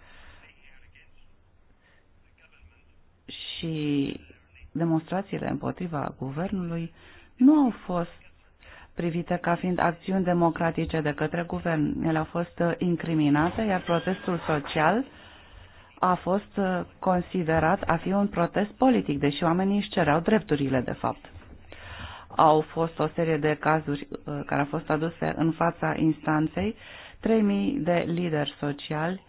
și demonstrațiile împotriva guvernului nu au fost privite ca fiind acțiuni democratice de către guvern. Ele au fost uh, incriminate, iar protestul social a fost uh, considerat a fi un protest politic, deși oamenii își cereau drepturile, de fapt. Au fost o serie de cazuri care au fost aduse în fața instanței 3.000 de lideri sociali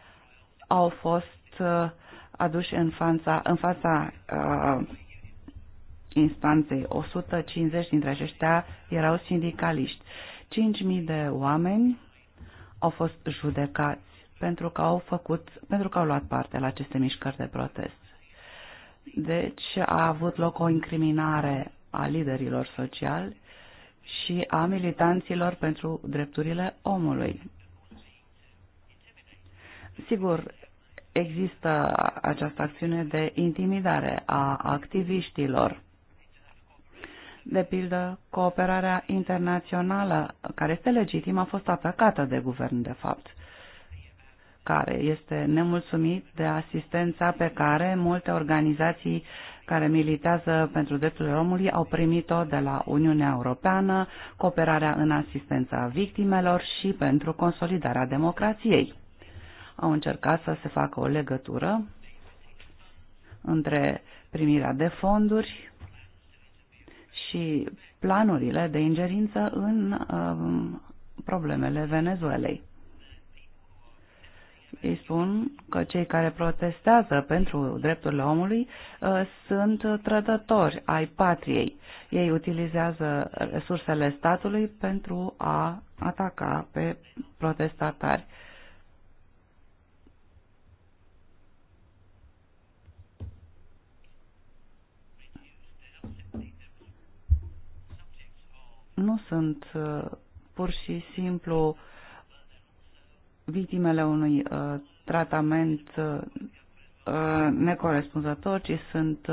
au fost uh, aduși în fața, în fața uh, instanței. 150 dintre aceștia erau sindicaliști. 5.000 de oameni au fost judecați pentru că au făcut, pentru că au luat parte la aceste mișcări de protest. Deci a avut loc o incriminare a liderilor sociali și a militanților pentru drepturile omului. Sigur, există această acțiune de intimidare a activiștilor. De pildă, cooperarea internațională, care este legitimă, a fost atacată de guvern, de fapt, care este nemulțumit de asistența pe care multe organizații care militează pentru drepturile omului au primit-o de la Uniunea Europeană, cooperarea în asistența victimelor și pentru consolidarea democrației au încercat să se facă o legătură între primirea de fonduri și planurile de ingerință în um, problemele Venezuelei. Ei spun că cei care protestează pentru drepturile omului uh, sunt trădători ai patriei. Ei utilizează resursele statului pentru a ataca pe protestatari. Uh, nu sunt uh, pur și simplu victimele unui uh, tratament uh, necorespunzător, ci sunt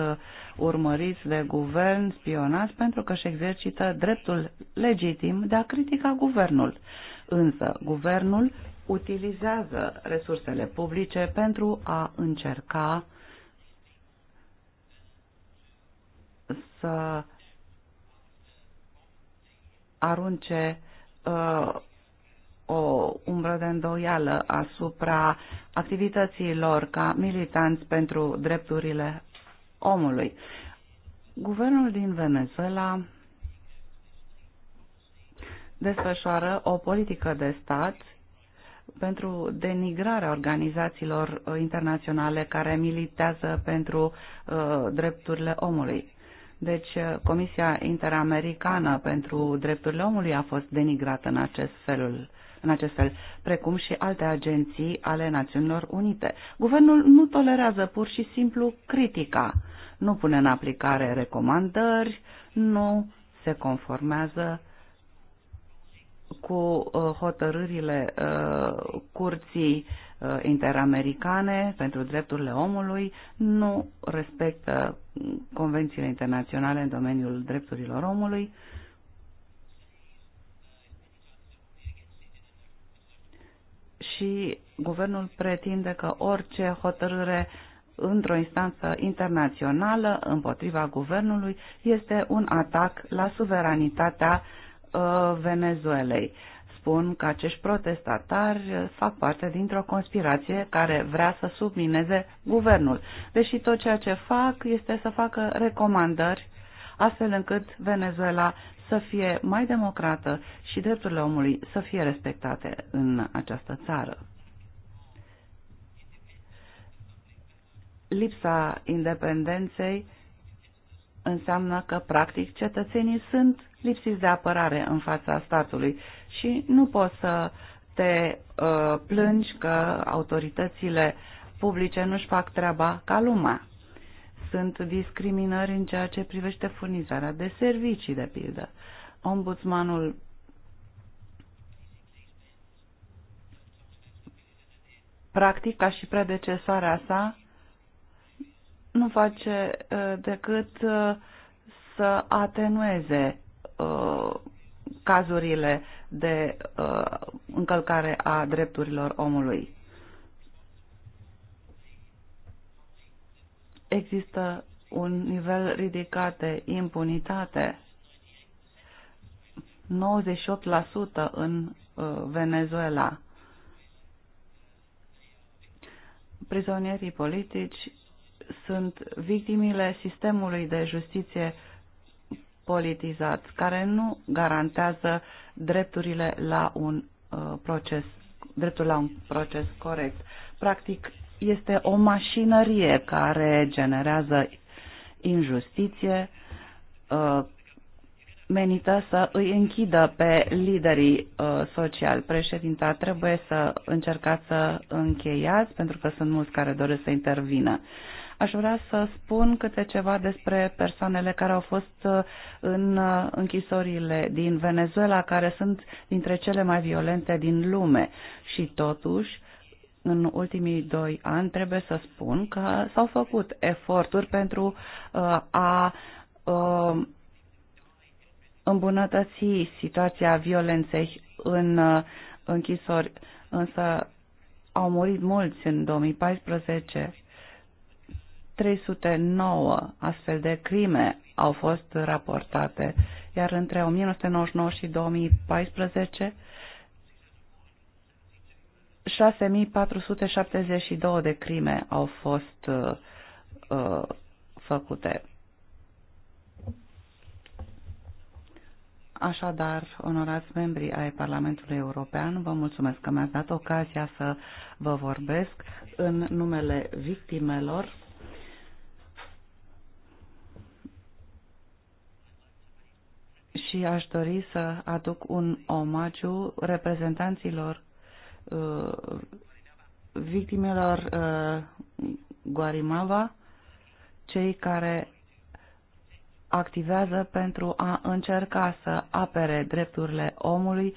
urmăriți de guvern, spionați, pentru că își exercită dreptul legitim de a critica guvernul. Însă, guvernul utilizează resursele publice pentru a încerca să arunce uh, o umbră de îndoială asupra activității lor ca militanți pentru drepturile omului. Guvernul din Venezuela desfășoară o politică de stat pentru denigrarea organizațiilor uh, internaționale care militează pentru uh, drepturile omului. Deci uh, Comisia Interamericană pentru Drepturile Omului a fost denigrată în acest felul în acest fel, precum și alte agenții ale Națiunilor Unite. Guvernul nu tolerează pur și simplu critica, nu pune în aplicare recomandări, nu se conformează cu uh, hotărârile uh, curții Uh, interamericane pentru drepturile omului nu respectă convențiile internaționale în domeniul drepturilor omului. Și guvernul pretinde că orice hotărâre într-o instanță internațională împotriva guvernului este un atac la suveranitatea uh, Venezuelei. Uh, spun că acești protestatari fac parte dintr-o conspirație care vrea să submineze guvernul, deși tot ceea ce fac este să facă recomandări astfel încât Venezuela să fie mai democrată și drepturile omului să fie respectate în această țară. Lipsa independenței înseamnă că, practic, cetățenii sunt lipsiți de apărare în fața statului și nu poți să te uh, plângi că autoritățile publice nu-și fac treaba ca lumea. Sunt discriminări în ceea ce privește furnizarea de servicii, de pildă. Ombudsmanul practic, ca și predecesoarea sa, nu face uh, decât uh, să atenueze uh, cazurile de uh, încălcare a drepturilor omului. Există un nivel ridicat de impunitate, 98% în uh, Venezuela. Prizonierii politici sunt victimile sistemului de justiție uh, politizați, care nu garantează drepturile la un uh, proces, dreptul la un proces corect. Practic, este o mașinărie care generează injustiție, uh, menită să îi închidă pe liderii uh, sociali. Președinta, trebuie să încercați să încheiați, pentru că sunt mulți care doresc să intervină. Uh, Aș vrea să spun câte ceva despre persoanele care au fost uh, în uh, închisorile din Venezuela, care sunt dintre cele mai violente din lume. Și totuși, în ultimii doi ani, trebuie să spun că s-au făcut eforturi pentru uh, a îmbunătăți situația violenței în închisori, însă au murit mulți în 2014 309 astfel de crime au fost raportate, iar între 1999 și 2014 6472 de crime au fost uh, uh, făcute. Așadar, onorați membri ai Parlamentului European, vă mulțumesc că mi-ați dat ocazia să vă vorbesc în numele victimelor și aș dori să aduc un omagiu reprezentanților uh, victimelor uh, Guarimava, cei care activează pentru a încerca să apere drepturile omului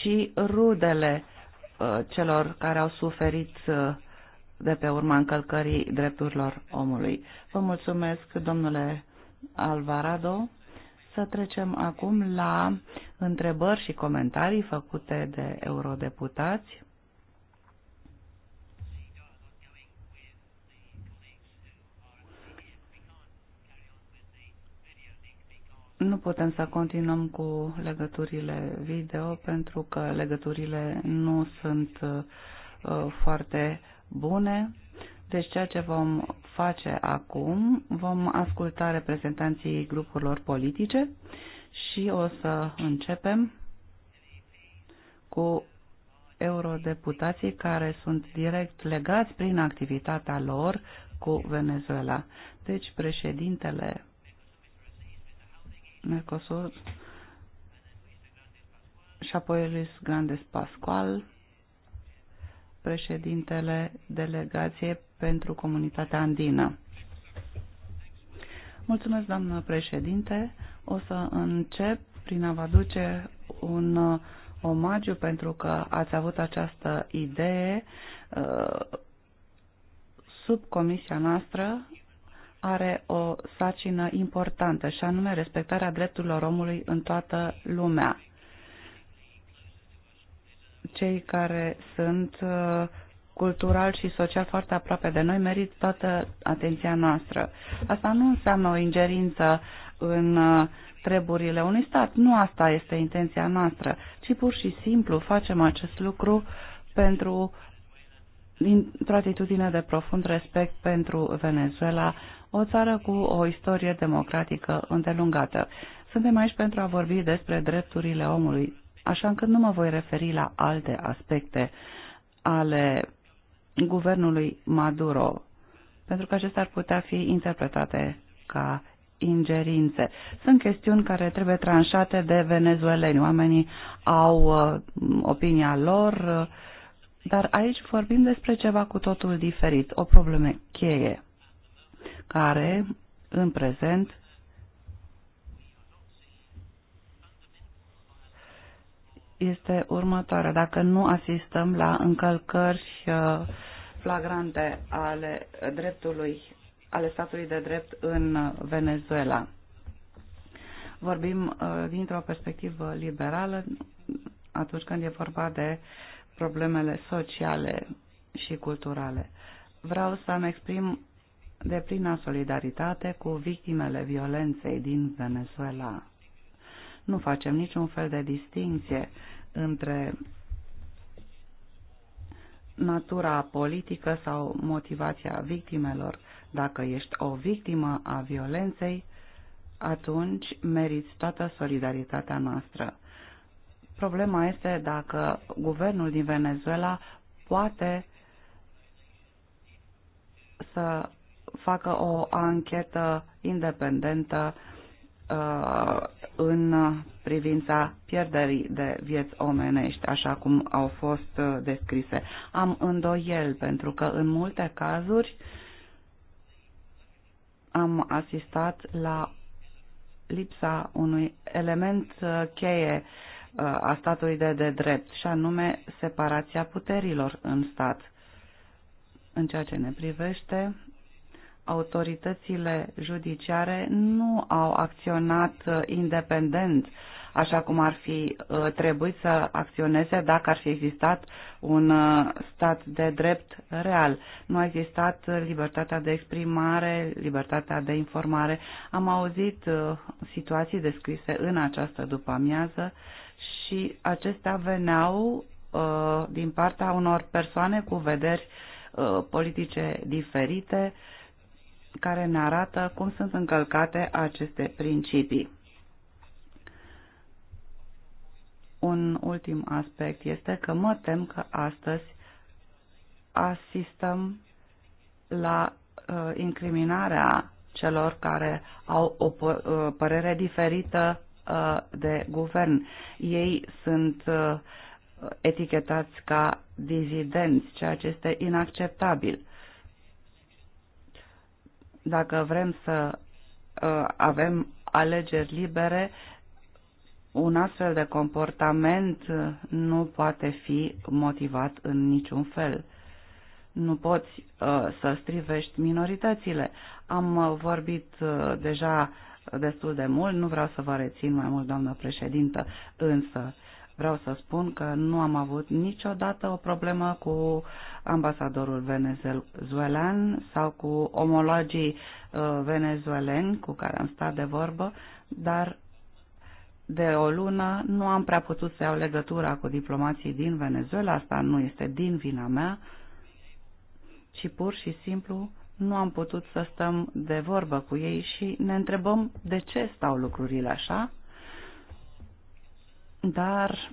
și rudele uh, celor care au suferit uh, de pe urma încălcării drepturilor omului. Vă mulțumesc, domnule Alvarado. Să trecem acum la întrebări și comentarii făcute de eurodeputați. nu putem să continuăm cu legăturile video pentru că legăturile nu sunt uh, foarte bune. Deci ceea ce vom face acum, vom asculta reprezentanții grupurilor politice și o să începem cu eurodeputații care sunt direct legați prin activitatea lor cu Venezuela. Deci președintele Mercosur și apoi Luis Grandes Pascual, președintele delegației pentru comunitatea andină. Mulțumesc, doamnă președinte. O să încep prin a vă aduce un uh, omagiu pentru că ați avut această idee. Uh, sub comisia noastră are o sacină importantă și anume respectarea drepturilor omului în toată lumea cei care sunt uh, cultural și social foarte aproape de noi merit toată atenția noastră. Asta nu înseamnă o ingerință în uh, treburile unui stat. Nu asta este intenția noastră, ci pur și simplu facem acest lucru pentru o atitudine de profund respect pentru Venezuela, o țară cu o istorie democratică îndelungată. Suntem aici pentru a vorbi despre drepturile omului, așa încât nu mă voi referi la alte aspecte ale guvernului Maduro, pentru că acestea ar putea fi interpretate ca ingerințe. Sunt chestiuni care trebuie tranșate de venezueleni. Oamenii au uh, opinia lor, uh, dar aici vorbim despre ceva cu totul diferit, o problemă cheie, care în prezent este următoarea. Dacă nu asistăm la încălcări uh, flagrante ale dreptului, ale statului de drept în Venezuela. Vorbim uh, dintr-o perspectivă liberală atunci când e vorba de problemele sociale și culturale. Vreau să-mi exprim de plină solidaritate cu victimele violenței din Venezuela. Nu facem niciun fel de distinție între natura politică sau motivația victimelor. Dacă ești o victimă a violenței, atunci meriți toată solidaritatea noastră. Problema este dacă guvernul din Venezuela poate să facă o anchetă independentă uh, în privința pierderii de vieți omenești, așa cum au fost uh, descrise. Am îndoiel pentru că în multe cazuri am asistat la lipsa unui element uh, cheie uh, a statului de, de drept, și anume separația puterilor în stat. În ceea ce ne privește, autoritățile judiciare nu au acționat uh, independent așa cum ar fi uh, trebuit să acționeze dacă ar fi existat un uh, stat de drept real. Nu a existat libertatea de exprimare, libertatea de informare. Am auzit situații descrise în această după-amiază și acestea veneau din partea unor persoane cu vederi politice diferite, uh, care ne arată cum sunt încălcate aceste principii. Un ultim aspect este că mă tem că astăzi asistăm la uh, incriminarea celor care au o uh, părere diferită uh, de guvern. Ei sunt uh, etichetați ca dizidenți, ceea ce este inacceptabil. Dacă vrem să ă, avem alegeri libere, un astfel de comportament nu poate fi motivat în niciun fel. Nu poți uh, să strivești minoritățile. Am uh, vorbit uh, deja destul de mult, nu vreau să vă rețin mai mult, doamnă președintă, însă Vreau să spun că nu am avut niciodată o problemă cu ambasadorul venezuelan sau cu omologii uh, venezueleni cu care am stat de vorbă, dar de o lună nu am prea putut să iau legătura cu diplomații din Venezuela, asta nu este din vina mea, ci pur și simplu nu am putut să stăm de vorbă cu ei și ne întrebăm de ce stau lucrurile așa dar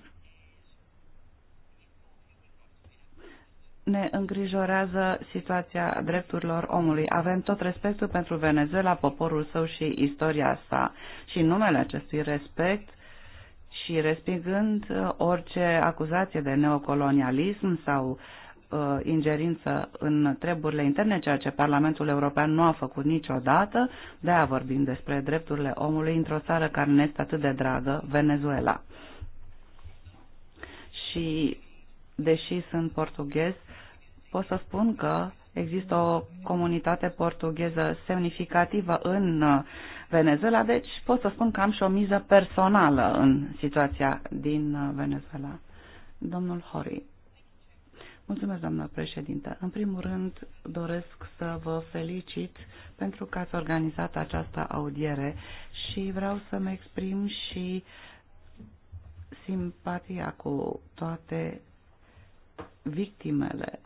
ne îngrijorează situația drepturilor omului. Avem tot respectul pentru Venezuela, poporul său și istoria sa. Și în numele acestui respect și respingând uh, orice acuzație de neocolonialism sau uh, ingerință în treburile interne, ceea ce Parlamentul European nu a făcut niciodată, de-aia vorbim despre drepturile omului într-o țară care ne este atât de dragă, Venezuela și deși sunt portughez, pot să spun că există o comunitate portugheză semnificativă în uh, Venezuela, deci pot să spun că am și o miză personală în situația din uh, Venezuela. Domnul Hori. Mulțumesc, doamnă președinte. În primul rând, doresc să vă felicit pentru că ați organizat această audiere și vreau să-mi exprim și uh, simpatia cu toate victimele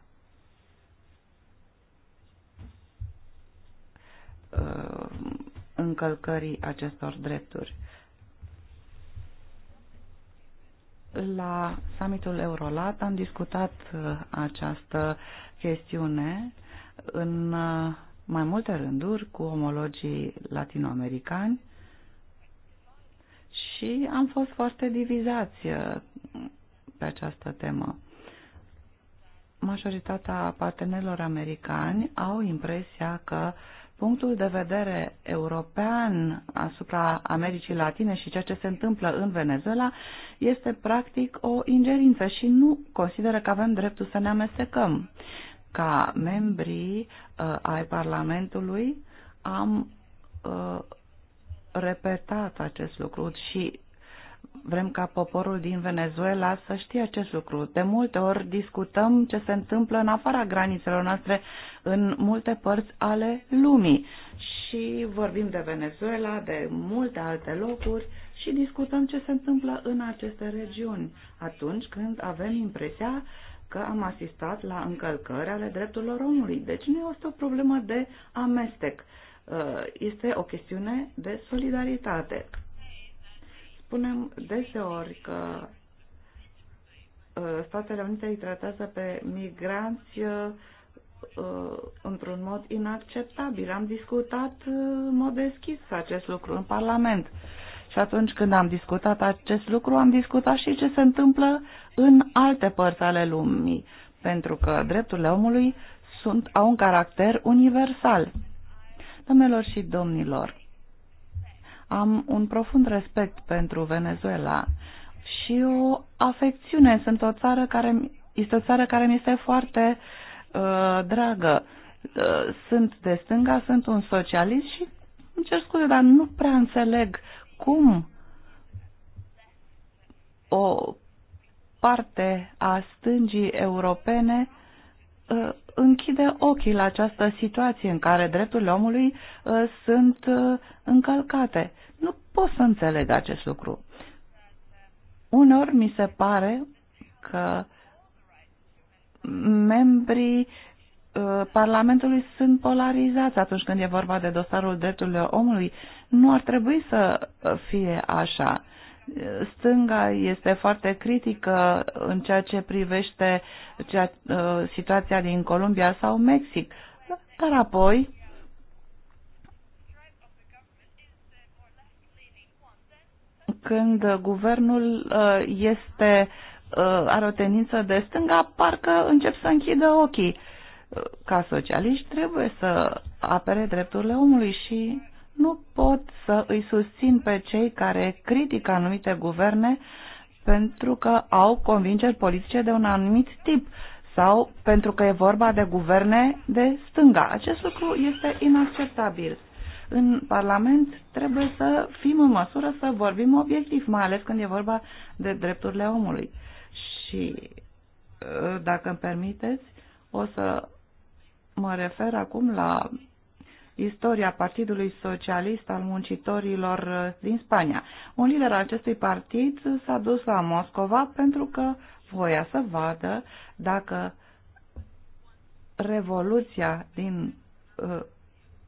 uh, încălcării acestor drepturi. La summitul Eurolat am discutat uh, această chestiune în uh, mai multe rânduri cu omologii latinoamericani și am fost foarte divizați uh, pe această temă. Majoritatea partenerilor americani au impresia că punctul de vedere european asupra Americii Latine și ceea ce se întâmplă în Venezuela este practic o ingerință și nu consideră că avem dreptul să ne amestecăm. Ca membrii uh, ai Parlamentului am uh, repetat acest lucru și vrem ca poporul din Venezuela să știe acest lucru. De multe ori discutăm ce se întâmplă în afara granițelor noastre în multe părți ale lumii și vorbim de Venezuela, de multe alte locuri și discutăm ce se întâmplă în aceste regiuni atunci când avem impresia că am asistat la încălcări ale drepturilor omului. Deci nu este o problemă de amestec. Uh, este o chestiune de solidaritate. Spunem deseori că uh, Statele Unite îi tratează pe migranți uh, într-un mod inacceptabil. Am discutat în mod deschis acest lucru în Parlament. Și atunci când am discutat acest lucru, am discutat și ce se întâmplă în alte părți ale lumii, pentru că drepturile omului sunt, au un caracter universal. Doamnelor și domnilor, am un profund respect pentru Venezuela și o afecțiune. Sunt o țară care, este o țară care mi este foarte uh, dragă. Uh, sunt de stânga, sunt un socialist și îmi cer scuze, dar nu prea înțeleg cum o parte a stângii europene uh, închide ochii la această situație în care drepturile omului uh, sunt uh, încălcate. Nu pot să înțeleg acest lucru. Unor mi se pare că membrii uh, Parlamentului sunt polarizați atunci când e vorba de dosarul drepturilor omului. Nu ar trebui să fie așa stânga este foarte critică în ceea ce privește cea, uh, situația din Columbia sau Mexic. Dar apoi, când guvernul uh, este uh, are o tendință de stânga, parcă încep să închidă ochii. Ca socialiști trebuie să apere drepturile omului și nu pot să îi susțin pe cei care critică anumite guverne pentru că au convingeri politice de un anumit tip sau pentru că e vorba de guverne de stânga. Acest lucru este inacceptabil. În Parlament trebuie să fim în măsură să vorbim obiectiv, mai ales când e vorba de drepturile omului. Și, ă, dacă îmi permiteți, o să mă refer acum la istoria Partidului Socialist al Muncitorilor uh, din Spania. Un lider al acestui partid s-a dus la Moscova pentru că voia să vadă dacă revoluția din uh,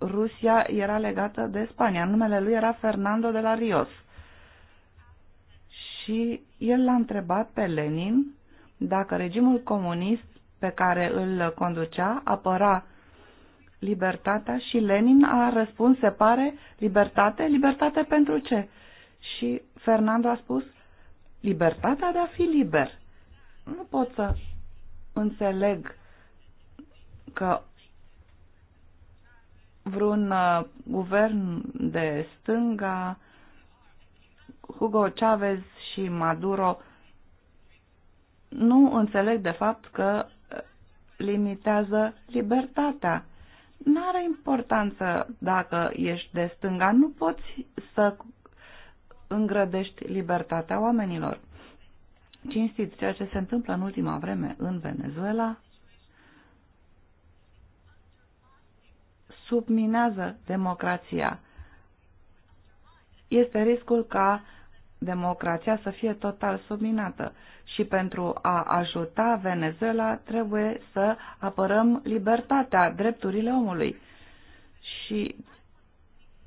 Rusia era legată de Spania. Numele lui era Fernando de la Rios. Și el l-a întrebat pe Lenin dacă regimul comunist pe care îl conducea apăra libertatea și Lenin a răspuns, se pare, libertate, libertate pentru ce? Și Fernando a spus, libertatea de a fi liber. Nu pot să înțeleg că vreun uh, guvern de stânga, Hugo Chavez și Maduro, nu înțeleg de fapt că limitează libertatea nu are importanță dacă ești de stânga, nu poți să îngrădești libertatea oamenilor. Cinstit, ceea ce se întâmplă în ultima vreme în Venezuela subminează democrația. Este riscul ca democrația să fie total subminată și pentru a ajuta Venezuela trebuie să apărăm libertatea, drepturile omului și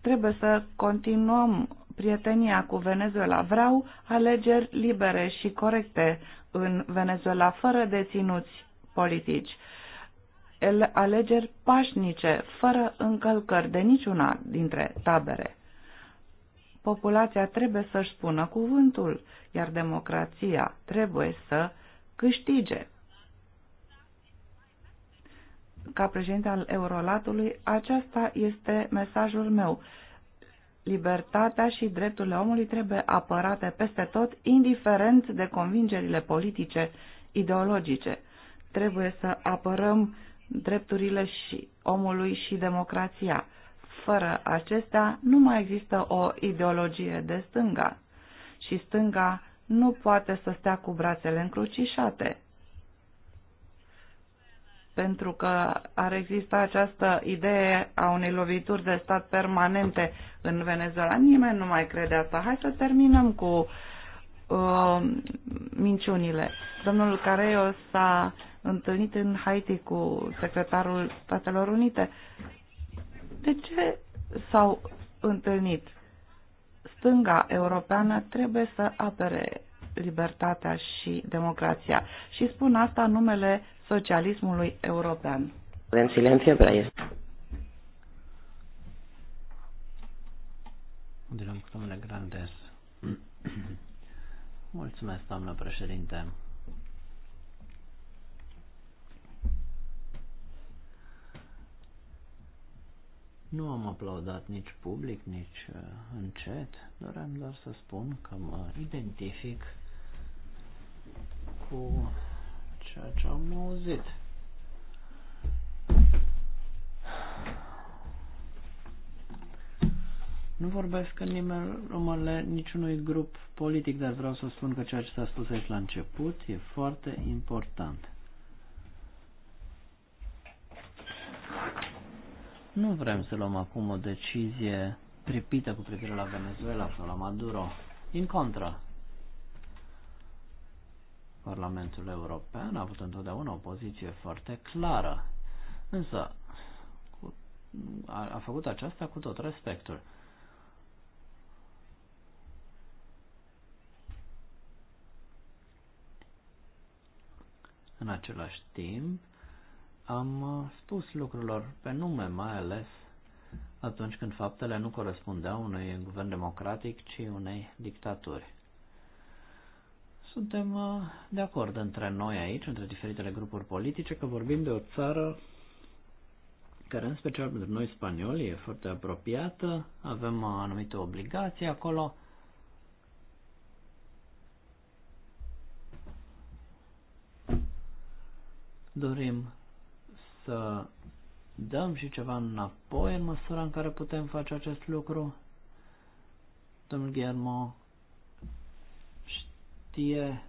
trebuie să continuăm prietenia cu Venezuela. Vreau alegeri libere și corecte în Venezuela, fără deținuți politici. Alegeri pașnice, fără încălcări de niciuna dintre tabere populația trebuie să-și spună cuvântul, iar democrația trebuie să câștige. Ca președinte al Eurolatului, aceasta este mesajul meu. Libertatea și drepturile omului trebuie apărate peste tot, indiferent de convingerile politice, ideologice. Trebuie să apărăm drepturile și omului și democrația. Fără acestea, nu mai există o ideologie de stânga și stânga nu poate să stea cu brațele încrucișate, pentru că ar exista această idee a unei lovituri de stat permanente în Venezuela. Nimeni nu mai crede asta. Hai să terminăm cu uh, minciunile. Domnul Careo s-a întâlnit în Haiti cu secretarul Statelor Unite de ce s-au întâlnit? Stânga europeană trebuie să apere libertatea și democrația. Și spun asta în numele socialismului european. În silențiu, Braie. Domnule Grandes. Mulțumesc, doamnă președinte. Nu am aplaudat nici public, nici uh, încet, doream doar să spun că mă identific cu ceea ce am auzit. Nu vorbesc în numele niciunui grup politic, dar vreau să spun că ceea ce s-a spus aici la început e foarte important. Nu vrem să luăm acum o decizie pripită cu privire la Venezuela sau la Maduro. Din contră, Parlamentul European a avut întotdeauna o poziție foarte clară, însă a, a făcut aceasta cu tot respectul. În același timp, am uh, spus lucrurilor pe nume, mai ales atunci când faptele nu corespundeau unui guvern democratic, ci unei dictaturi. Suntem uh, de acord între noi aici, între diferitele grupuri politice, că vorbim de o țară care în special pentru noi spanioli e foarte apropiată, avem uh, anumite obligații acolo. Dorim să dăm și ceva înapoi în măsura în care putem face acest lucru. Domnul Guillermo știe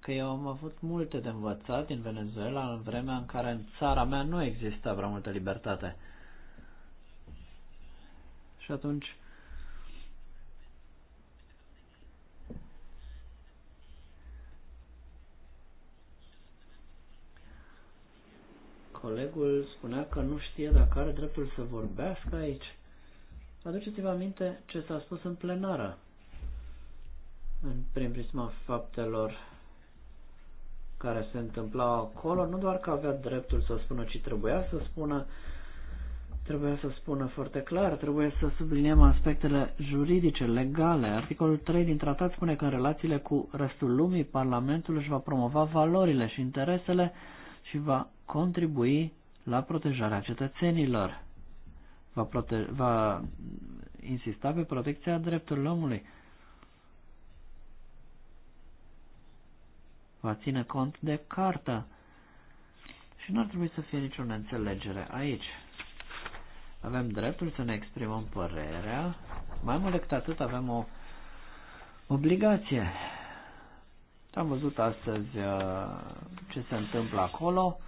că eu am avut multe de învățat din Venezuela în vremea în care în țara mea nu exista prea multă libertate. Și atunci Colegul spunea că nu știe dacă are dreptul să vorbească aici. Aduceți-vă aminte ce s-a spus în plenară, în prin prisma faptelor care se întâmplau acolo, nu doar că avea dreptul să spună, ci trebuia să spună, trebuia să spună foarte clar, trebuie să subliniem aspectele juridice, legale. Articolul 3 din tratat spune că în relațiile cu restul lumii, Parlamentul își va promova valorile și interesele și va contribui la protejarea cetățenilor. Va, prote- va insista pe protecția drepturilor omului. Va ține cont de cartă. Și nu ar trebui să fie nicio înțelegere aici. Avem dreptul să ne exprimăm părerea. Mai mult decât atât avem o obligație. Am văzut astăzi uh, ce se întâmplă acolo.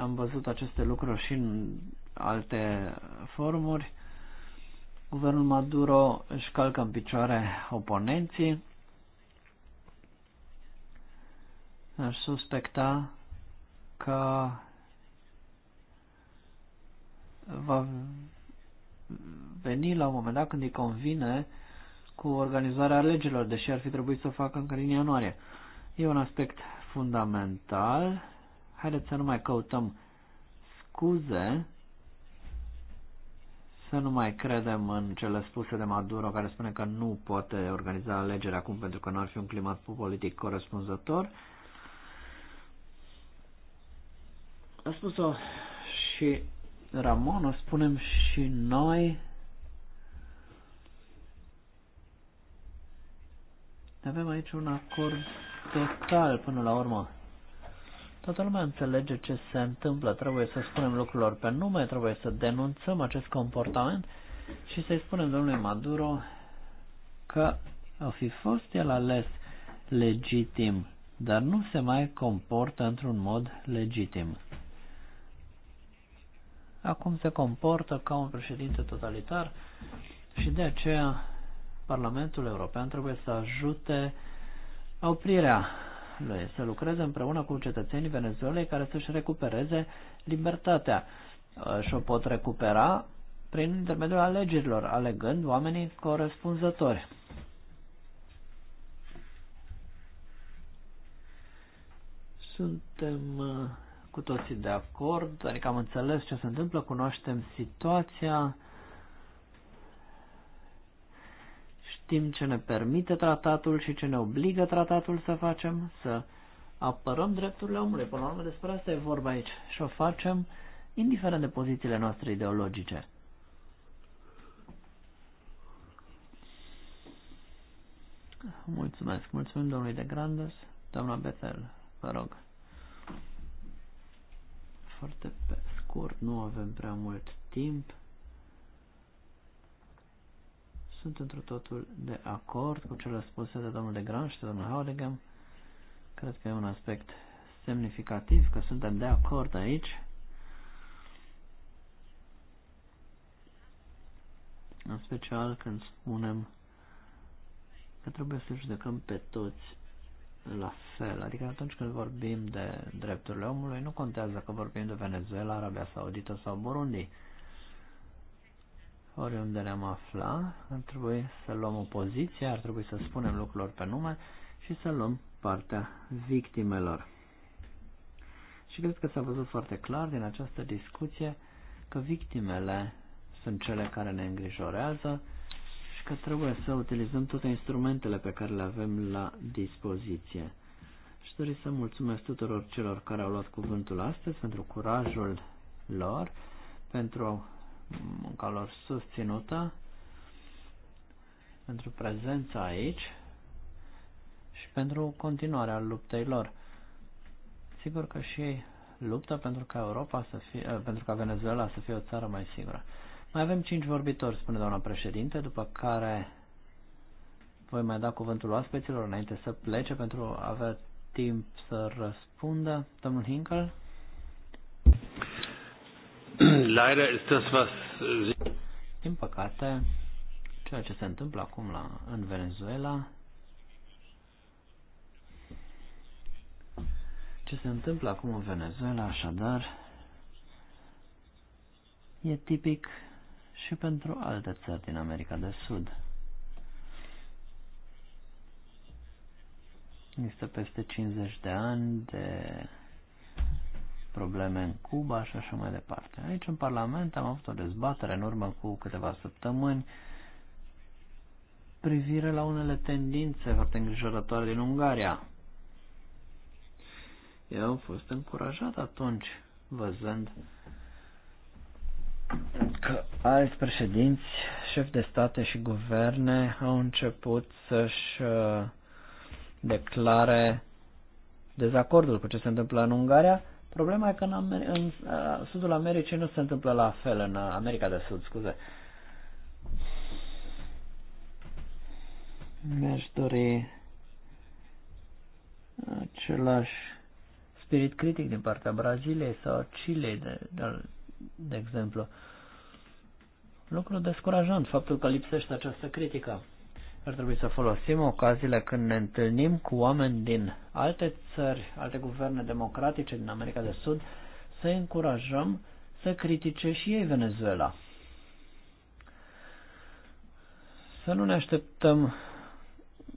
Am văzut aceste lucruri și în alte forumuri. Guvernul Maduro își calcă în picioare oponenții. Aș suspecta că va veni la un moment dat când îi convine cu organizarea alegerilor, deși ar fi trebuit să o facă încă în ianuarie. E un aspect fundamental Haideți să nu mai căutăm scuze, să nu mai credem în cele spuse de Maduro care spune că nu poate organiza alegeri acum pentru că nu ar fi un climat politic corespunzător. A spus-o și Ramon, o spunem și noi. Avem aici un acord total până la urmă. Toată lumea înțelege ce se întâmplă, trebuie să spunem lucrurilor pe nume, trebuie să denunțăm acest comportament și să-i spunem domnului Maduro că a fi fost el ales legitim, dar nu se mai comportă într-un mod legitim. Acum se comportă ca un președinte totalitar și de aceea Parlamentul European trebuie să ajute oprirea lui să lucreze împreună cu cetățenii Venezuelei care să-și recupereze libertatea. Uh, Și o pot recupera prin intermediul alegerilor, alegând oamenii corespunzători. Suntem uh, cu toții de acord, adică am înțeles ce se întâmplă, cunoaștem situația, Știm ce ne permite tratatul și ce ne obligă tratatul să facem, să apărăm drepturile omului. Până la urmă despre asta e vorba aici și o facem indiferent de pozițiile noastre ideologice. Mulțumesc, mulțumim domnului de Grandes, doamna Bethel, vă rog. Foarte pe scurt, nu avem prea mult timp. Sunt într totul de acord cu cele spuse de domnul de Gran și de domnul Haudegam. Cred că e un aspect semnificativ că suntem de acord aici. În special când spunem că trebuie să judecăm pe toți la fel. Adică atunci când vorbim de drepturile omului, nu contează că vorbim de Venezuela, Arabia Saudită sau Burundi oriunde ne-am afla, ar trebui să luăm o poziție, ar trebui să spunem lucrurilor pe nume și să luăm partea victimelor. Și cred că s-a văzut foarte clar din această discuție că victimele sunt cele care ne îngrijorează și că trebuie să utilizăm toate instrumentele pe care le avem la dispoziție. Și dori să mulțumesc tuturor celor care au luat cuvântul astăzi pentru curajul lor, pentru munca lor susținută, pentru prezența aici și pentru continuarea luptei lor. Sigur că și luptă pentru ca Europa să fie, eh, pentru ca Venezuela să fie o țară mai sigură. Mai avem cinci vorbitori, spune doamna președinte, după care voi mai da cuvântul oaspeților înainte să plece pentru a avea timp să răspundă. Domnul Hinkle? Leider ist das, was... Äh, din păcate, ceea ce se întâmplă acum la, în Venezuela, ce se întâmplă acum în Venezuela, așadar, e tipic și pentru alte țări din America de Sud. Este peste 50 de ani de probleme în Cuba și așa mai departe. Aici, în Parlament, am avut o dezbatere în urmă cu câteva săptămâni privire la unele tendințe foarte îngrijorătoare din Ungaria. Eu am fost încurajat atunci, văzând că alți președinți, șefi de state și guverne au început să-și uh, declare dezacordul cu ce se întâmplă în Ungaria Problema e că în, Amer- în uh, sudul Americii nu se întâmplă la fel, în uh, America de Sud, scuze. Mi-aș dori același spirit critic din partea Braziliei sau Chile, de, de, de exemplu. Lucru descurajant, faptul că lipsește această critică. Ar trebui să folosim ocaziile când ne întâlnim cu oameni din alte țări, alte guverne democratice din America de Sud, să încurajăm să critique și ei Venezuela. Să nu ne așteptăm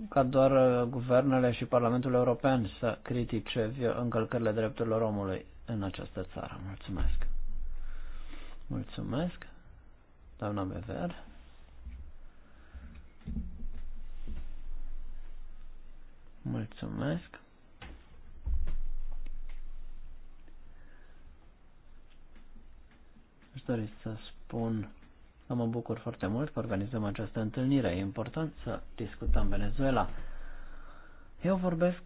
ca doar uh, guvernele și Parlamentul European să critique încălcările drepturilor omului în această țară. Mulțumesc! Mulțumesc, doamna Bever. Mulțumesc. Aș dori să spun că mă bucur foarte mult că organizăm această întâlnire. E important să discutăm Venezuela. Eu vorbesc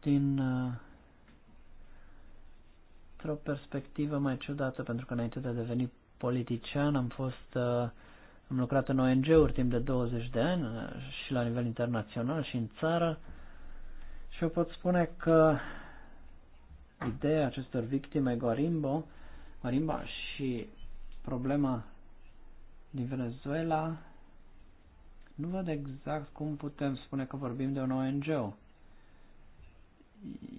din uh, o perspectivă mai ciudată, pentru că înainte de a deveni politician am fost uh, am lucrat în ONG-uri timp de 20 de ani și la nivel internațional și în țară și eu pot spune că ideea acestor victime Guarimbo, Marimba și problema din Venezuela, nu văd exact cum putem spune că vorbim de un ONG.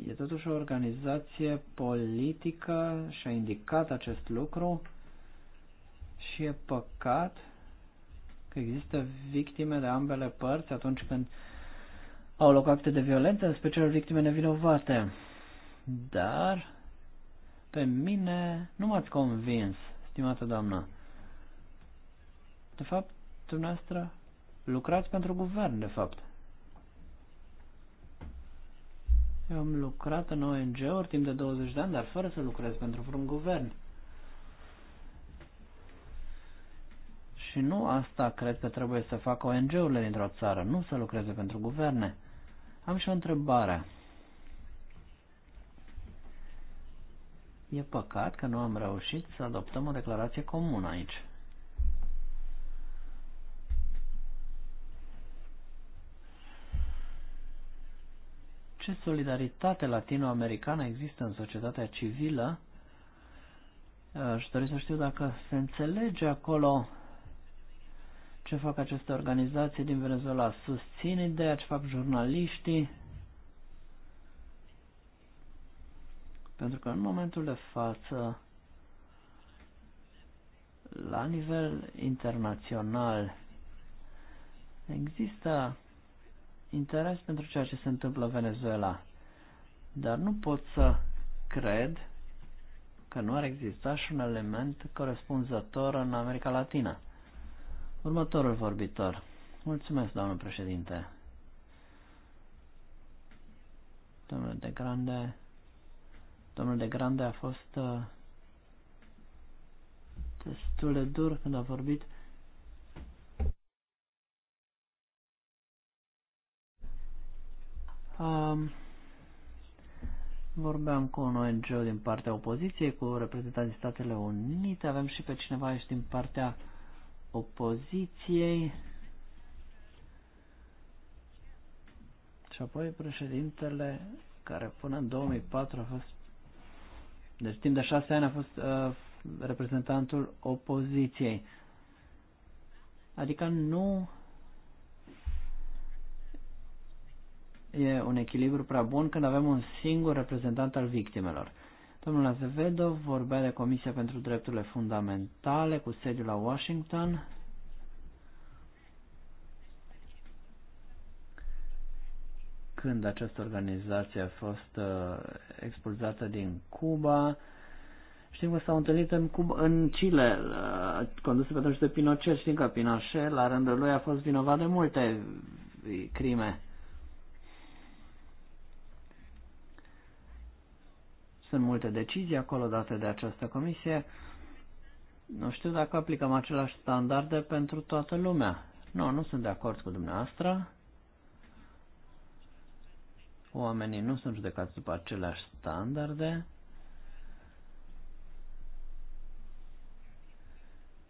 E totuși o organizație politică și a indicat acest lucru și e păcat că există victime de ambele părți atunci când au loc acte de violență, în special victime nevinovate. Dar pe mine nu m-ați convins, stimată doamnă. De fapt, dumneavoastră lucrați pentru guvern, de fapt. Eu am lucrat în ONG-uri timp de 20 de ani, dar fără să lucrez pentru vreun guvern. Și nu asta cred că trebuie să facă ONG-urile dintr-o țară, nu să lucreze pentru guverne. Am și o întrebare. E păcat că nu am reușit să adoptăm o declarație comună aici. Ce solidaritate latinoamericană există în societatea civilă? Aș dori să știu dacă se înțelege acolo ce fac aceste organizații din Venezuela. Susțin ideea ce fac jurnaliștii, pentru că în momentul de față, la nivel internațional, există interes pentru ceea ce se întâmplă în Venezuela, dar nu pot să cred că nu ar exista și un element corespunzător în America Latină. Următorul vorbitor. Mulțumesc, doamnă președinte. Domnul de Grande. Domnul de Grande a fost uh, destul de dur când a vorbit. Um, vorbeam cu un ONG din partea opoziției, cu reprezentanții Statele Unite, avem și pe cineva aici din partea uh, opoziției. Și apoi președintele care până în 2004 a fost, deci timp de șase ani a fost uh, reprezentantul opoziției. Adică nu e un echilibru prea bun când avem un singur reprezentant al victimelor. Domnul Azevedo vorbea de Comisia pentru Drepturile Fundamentale cu sediu la Washington. Când această organizație a fost uh, expulzată din Cuba, știm că s-au întâlnit în, Cuba, în Chile, uh, condusă pe atunci de Pinochet, știm că Pinochet la rândul lui a fost vinovat de multe crime. Sunt multe decizii acolo date de această comisie. Nu știu dacă aplicăm același standarde pentru toată lumea. Nu, nu sunt de acord cu dumneavoastră. Oamenii nu sunt judecați după aceleași standarde.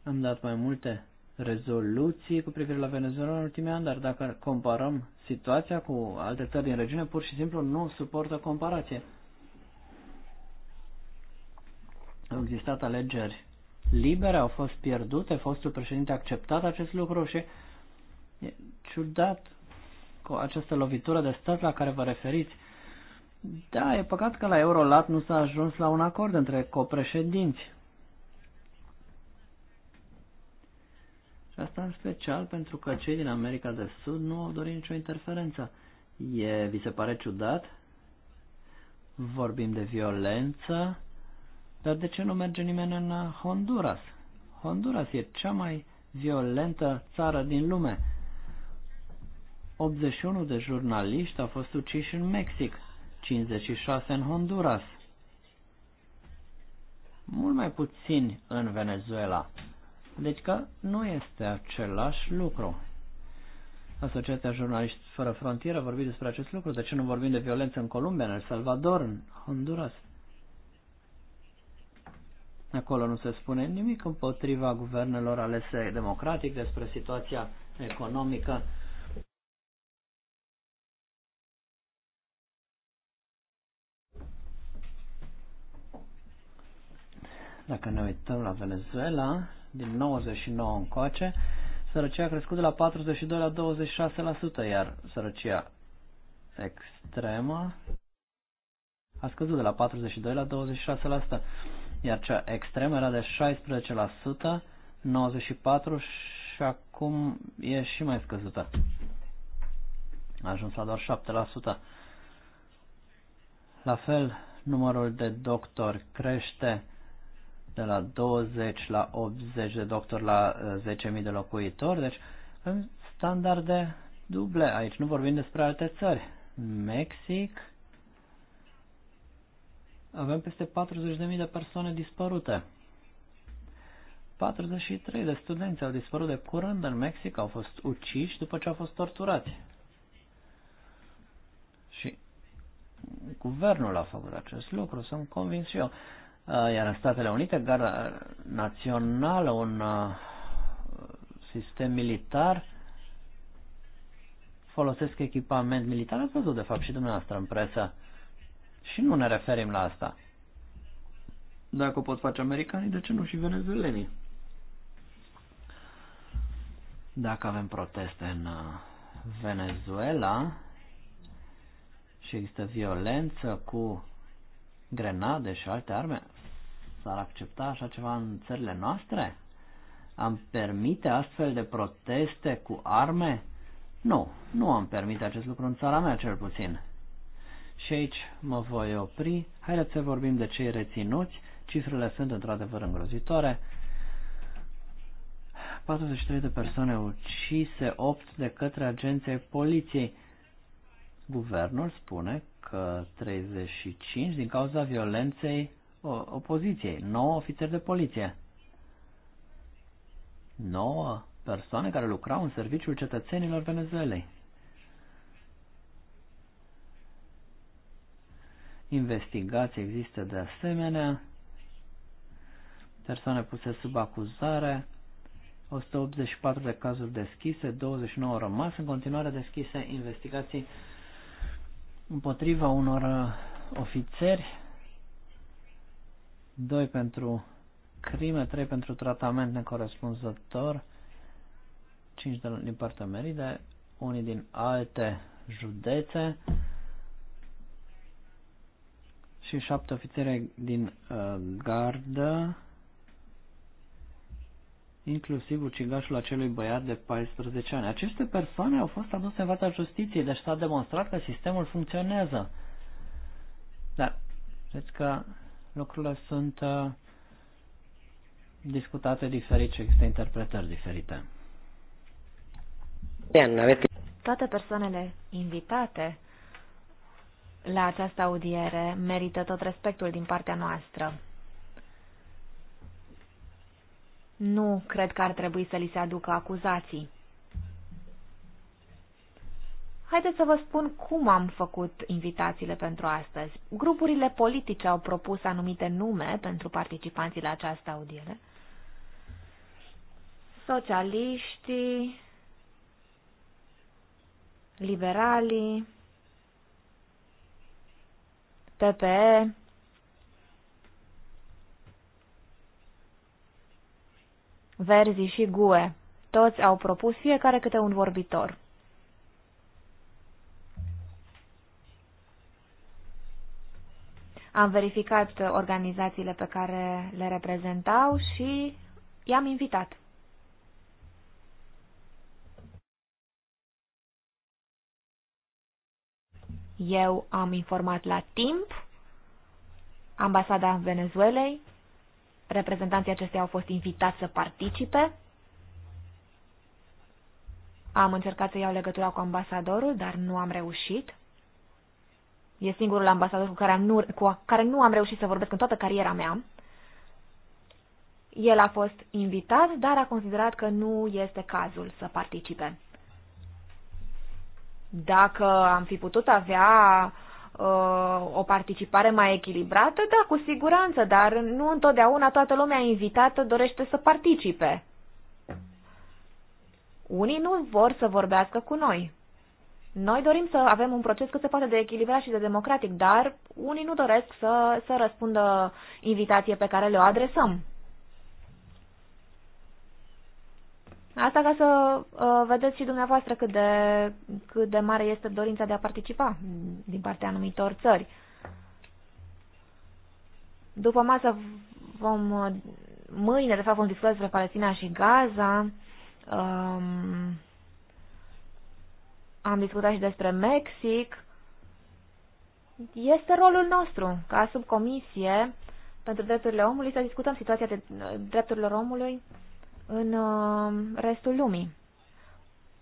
Am dat mai multe rezoluții cu privire la Venezuela în ultimii ani, dar dacă comparăm situația cu alte țări din regiune, pur și simplu nu suportă comparație. Au existat alegeri libere, au fost pierdute, fostul președinte a acceptat acest lucru și e ciudat cu această lovitură de stat la care vă referiți. Da, e păcat că la Eurolat nu s-a ajuns la un acord între copreședinți. Și asta în special pentru că cei din America de Sud nu au dorit nicio interferență. E, vi se pare ciudat? Vorbim de violență, dar de ce nu merge nimeni în uh, Honduras? Honduras e cea mai violentă țară din lume. 81 de jurnaliști au fost uciși în Mexic, 56 în Honduras. Mult mai puțini în Venezuela. Deci că nu este același lucru. Asociația Jurnaliști Fără Frontieră a vorbit despre acest lucru. De ce nu vorbim de violență în Columbia, în El Salvador, în Honduras? Acolo nu se spune nimic împotriva guvernelor alese democratic despre situația economică. Dacă ne uităm la Venezuela, din 99 încoace, sărăcia a crescut de la 42 la 26%, iar sărăcia extremă a scăzut de la 42 la 26% iar cea extremă era de 16%, 94% și acum e și mai scăzută. A ajuns la doar 7%. La fel, numărul de doctori crește de la 20 la 80 de doctori la 10.000 uh, de locuitori, deci în standarde duble aici. Nu vorbim despre alte țări. Mexic, avem peste 40.000 de persoane dispărute. 43 de studenți au dispărut de curând în Mexic, au fost uciși după ce au fost torturați. Și guvernul a făcut acest lucru, sunt convins și eu. Uh, iar în Statele Unite, Garda Națională, un uh, sistem militar, folosesc echipament militar, ați văzut de fapt și dumneavoastră în presă. Și nu ne referim la asta. Dacă o pot face americanii, de ce nu și venezuelenii? Dacă avem proteste în uh, Venezuela și există violență cu grenade și alte arme, s-ar accepta așa ceva în țările noastre? Am permite astfel de proteste cu arme? Nu, nu am permite acest lucru în țara mea cel puțin. Și aici mă voi opri. Haideți să vorbim de cei reținuți. Cifrele sunt într-adevăr îngrozitoare. 43 de persoane ucise, 8 de către agenții poliției. Guvernul spune că 35 din cauza violenței opoziției, 9 ofițeri de poliție. 9 persoane care lucrau în serviciul cetățenilor Venezuelei. Investigații există de asemenea. Persoane puse sub acuzare. 184 de cazuri deschise, 29 rămas, în continuare deschise investigații împotriva unor uh, ofițeri, 2 pentru crime, 3 pentru tratament necorespunzător, 5 din partea Meride, unii din alte județe și șapte ofițeri din uh, gardă, inclusiv ucigașul acelui băiat de 14 ani. Aceste persoane au fost aduse în fața justiției, deci s-a demonstrat că sistemul funcționează. Dar, vedeți că lucrurile sunt uh, discutate diferit și există interpretări diferite. Toate persoanele invitate la această audiere merită tot respectul din partea noastră. Nu cred că ar trebui să li se aducă acuzații. Haideți să vă spun cum am făcut invitațiile pentru astăzi. Grupurile politice au propus anumite nume pentru participanții la această audiere. Socialiștii, liberalii, PPE, Verzi și GUE. Toți au propus fiecare câte un vorbitor. Am verificat organizațiile pe care le reprezentau și i-am invitat. Eu am informat la timp ambasada Venezuelei, reprezentanții acesteia au fost invitați să participe. Am încercat să iau legătura cu ambasadorul, dar nu am reușit. E singurul ambasador cu care, am nu, cu care nu am reușit să vorbesc în toată cariera mea. El a fost invitat, dar a considerat că nu este cazul să participe. Dacă am fi putut avea uh, o participare mai echilibrată, da, cu siguranță, dar nu întotdeauna toată lumea invitată dorește să participe. Unii nu vor să vorbească cu noi. Noi dorim să avem un proces cât se poate de echilibrat și de democratic, dar unii nu doresc să, să răspundă invitație pe care le-o adresăm. Asta ca să uh, vedeți și dumneavoastră cât de, cât de mare este dorința de a participa din partea anumitor țări. După masă vom, mâine de fapt vom discuta despre Palestina și Gaza. Um, am discutat și despre Mexic. Este rolul nostru ca subcomisie pentru drepturile omului să discutăm situația de drepturilor omului în uh, restul lumii.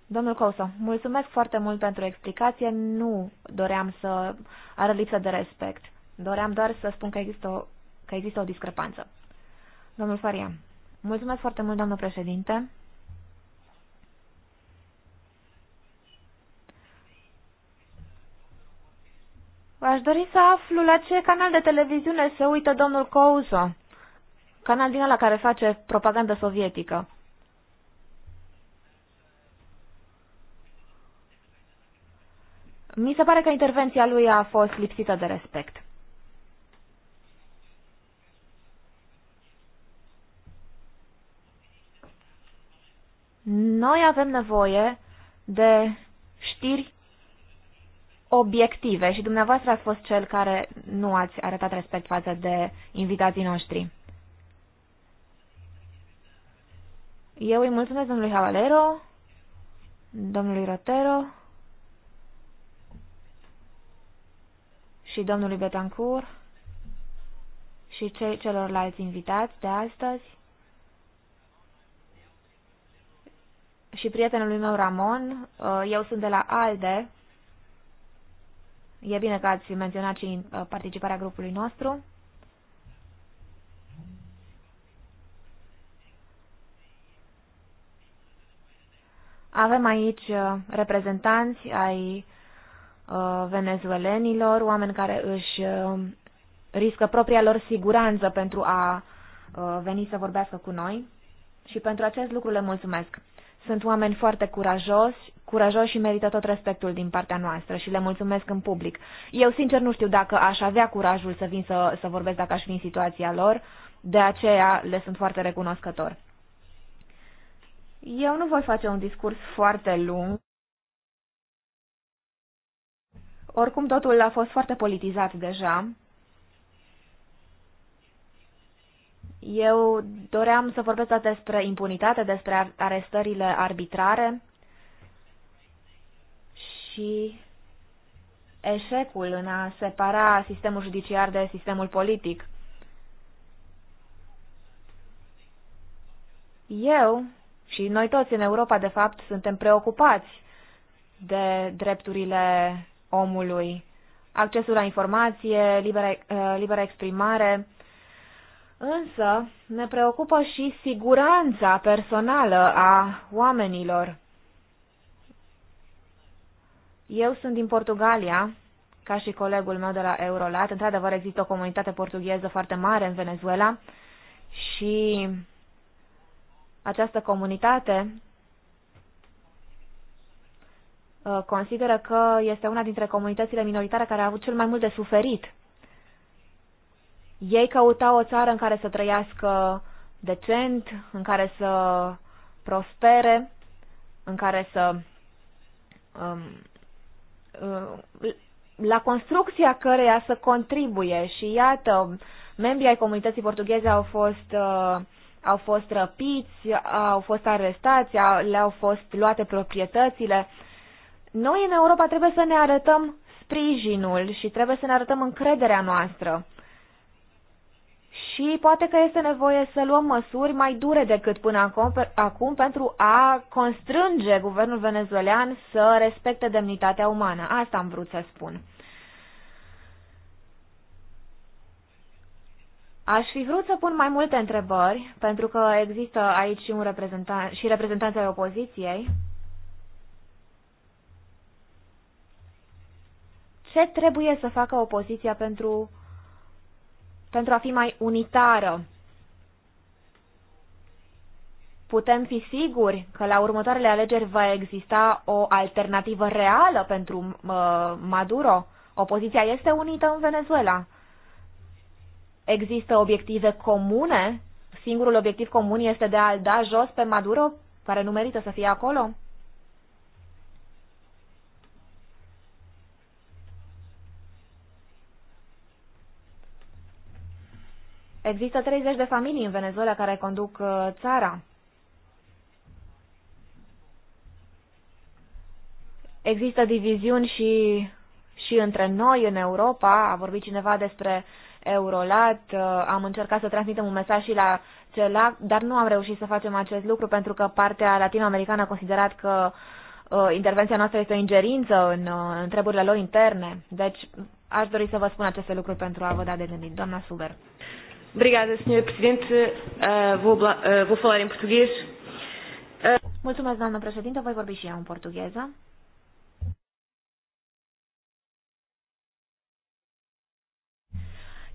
Domnul Couso, mulțumesc foarte mult pentru explicație. Nu doream să arăt lipsă de respect. Doream doar să spun că există o, că există o discrepanță. Domnul Faria, mulțumesc foarte mult, domnul președinte. Aș dori să aflu la ce canal de televiziune se uită domnul Couso canal din ăla care face propagandă sovietică. Mi se pare că intervenția lui a fost lipsită de respect. Noi avem nevoie de știri obiective și dumneavoastră ați fost cel care nu ați arătat respect față de invitații noștri. Eu îi mulțumesc domnului Havalero, domnului Rotero și domnului Betancur și cei celorlalți invitați de astăzi și prietenului meu Ramon. Uh, eu sunt de la ALDE. E bine că ați menționat și uh, participarea grupului nostru. Avem aici uh, reprezentanți ai uh, venezuelenilor, oameni care își uh, riscă propria lor siguranță pentru a veni să vorbească cu noi și pentru acest lucru le mulțumesc. Sunt oameni foarte curajoși, curajoși și merită tot respectul din partea noastră și le mulțumesc în public. Eu sincer nu știu dacă aș avea curajul să vin să, să vorbesc dacă aș fi în situația lor, de aceea le sunt foarte recunoscător. Eu nu voi face un discurs foarte lung. Oricum, totul a fost foarte politizat deja. Eu doream să vorbesc despre impunitate, despre arestările arbitrare și eșecul în a separa sistemul judiciar de sistemul politic. Eu și noi toți în Europa, de fapt, suntem preocupați de drepturile omului, accesul la informație, libera, eh, libera exprimare, însă ne preocupă și siguranța personală a oamenilor. Eu sunt din Portugalia, ca și colegul meu de la Eurolat. Într-adevăr, există o comunitate portugheză foarte mare în Venezuela și această comunitate uh, consideră că este una dintre comunitățile minoritare care a avut cel mai mult de suferit. Ei căutau o țară în care să trăiască decent, în care să prospere, în care să... Um, uh, la construcția căreia să contribuie și iată, membrii ai comunității portugheze au fost uh, au fost răpiți, au fost arestați, le-au fost luate proprietățile. Noi în Europa trebuie să ne arătăm sprijinul și trebuie să ne arătăm încrederea noastră. Și poate că este nevoie să luăm măsuri mai dure decât până acum, acum pentru a constrânge guvernul venezuelan să respecte demnitatea umană. Asta am vrut să spun. Aș fi vrut să pun mai multe întrebări, pentru că există aici și, un și reprezentanța ai opoziției. Ce trebuie să facă opoziția pentru, pentru a fi mai unitară? Putem fi siguri că la următoarele alegeri va exista o alternativă reală pentru uh, Maduro? Opoziția este unită în Venezuela Există obiective comune? Singurul obiectiv comun este de a-l da jos pe Maduro, care nu merită să fie acolo? Există 30 de familii în Venezuela care conduc uh, țara. Există diviziuni și, și între noi în Europa. A vorbit cineva despre Eurolat, uh, am încercat să transmitem un mesaj și la CELAC, dar nu am reușit să facem acest lucru pentru că partea latinoamericană a considerat că uh, intervenția noastră este o ingerință în, uh, în treburile lor interne. Deci aș dori să vă spun aceste lucruri pentru a vă da de gândit. Doamna Suber. Obrigada, senhor Presidente. Uh, vou, uh, vou falar em português. Uh... Mulțumesc, doamnă președinte. Voi vorbi și eu în portugheză.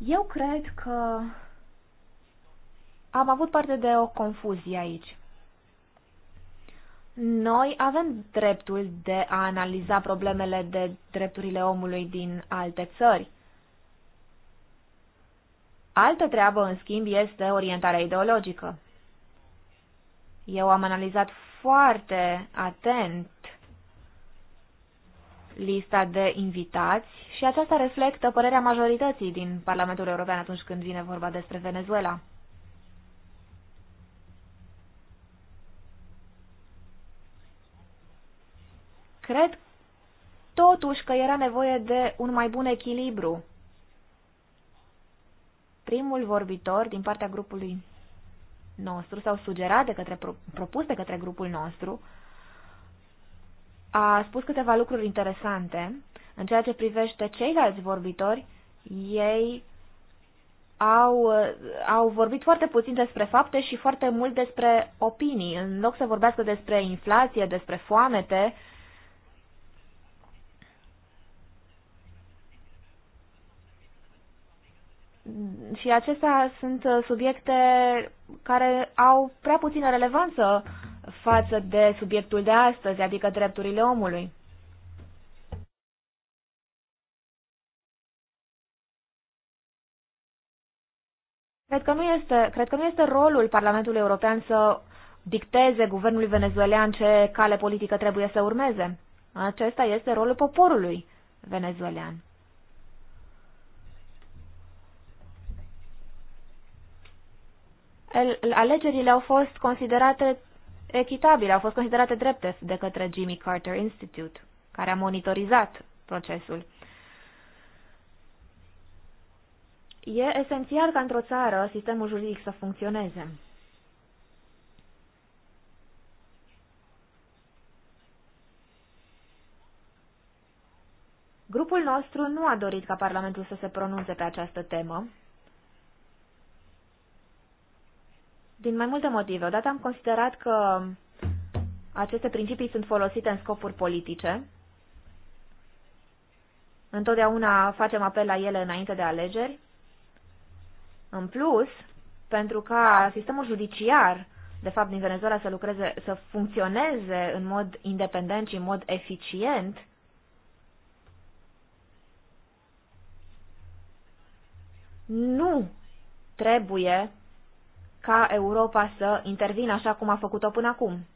Eu cred că am avut parte de o confuzie aici. Noi avem dreptul de a analiza problemele de drepturile omului din alte țări. Altă treabă, în schimb, este orientarea ideologică. Eu am analizat foarte atent lista de invitați și aceasta reflectă părerea majorității din Parlamentul European atunci când vine vorba despre Venezuela. Cred totuși că era nevoie de un mai bun echilibru. Primul vorbitor din partea grupului nostru, sau sugerat de către, propus de către grupul nostru, a spus câteva lucruri interesante. În ceea ce privește ceilalți vorbitori, ei au, au vorbit foarte puțin despre fapte și foarte mult despre opinii. În loc să vorbească despre inflație, despre foamete, și acestea sunt subiecte care au prea puțină relevanță față de subiectul de astăzi, adică drepturile omului. Cred că, nu este, cred că nu este rolul Parlamentului European să dicteze guvernului venezuelan ce cale politică trebuie să urmeze. Acesta este rolul poporului venezuelan. Alegerile au fost considerate echitabile, au fost considerate drepte de către Jimmy Carter Institute, care a monitorizat procesul. E esențial ca într-o țară sistemul juridic să funcționeze. Grupul nostru nu a dorit ca Parlamentul să se pronunțe pe această temă, Din mai multe motive. Odată am considerat că aceste principii sunt folosite în scopuri politice. Întotdeauna facem apel la ele înainte de alegeri. În plus, pentru ca sistemul judiciar, de fapt, din Venezuela să lucreze, să funcționeze în mod independent și în mod eficient, nu trebuie ca Europa să intervină așa cum a făcut-o până acum.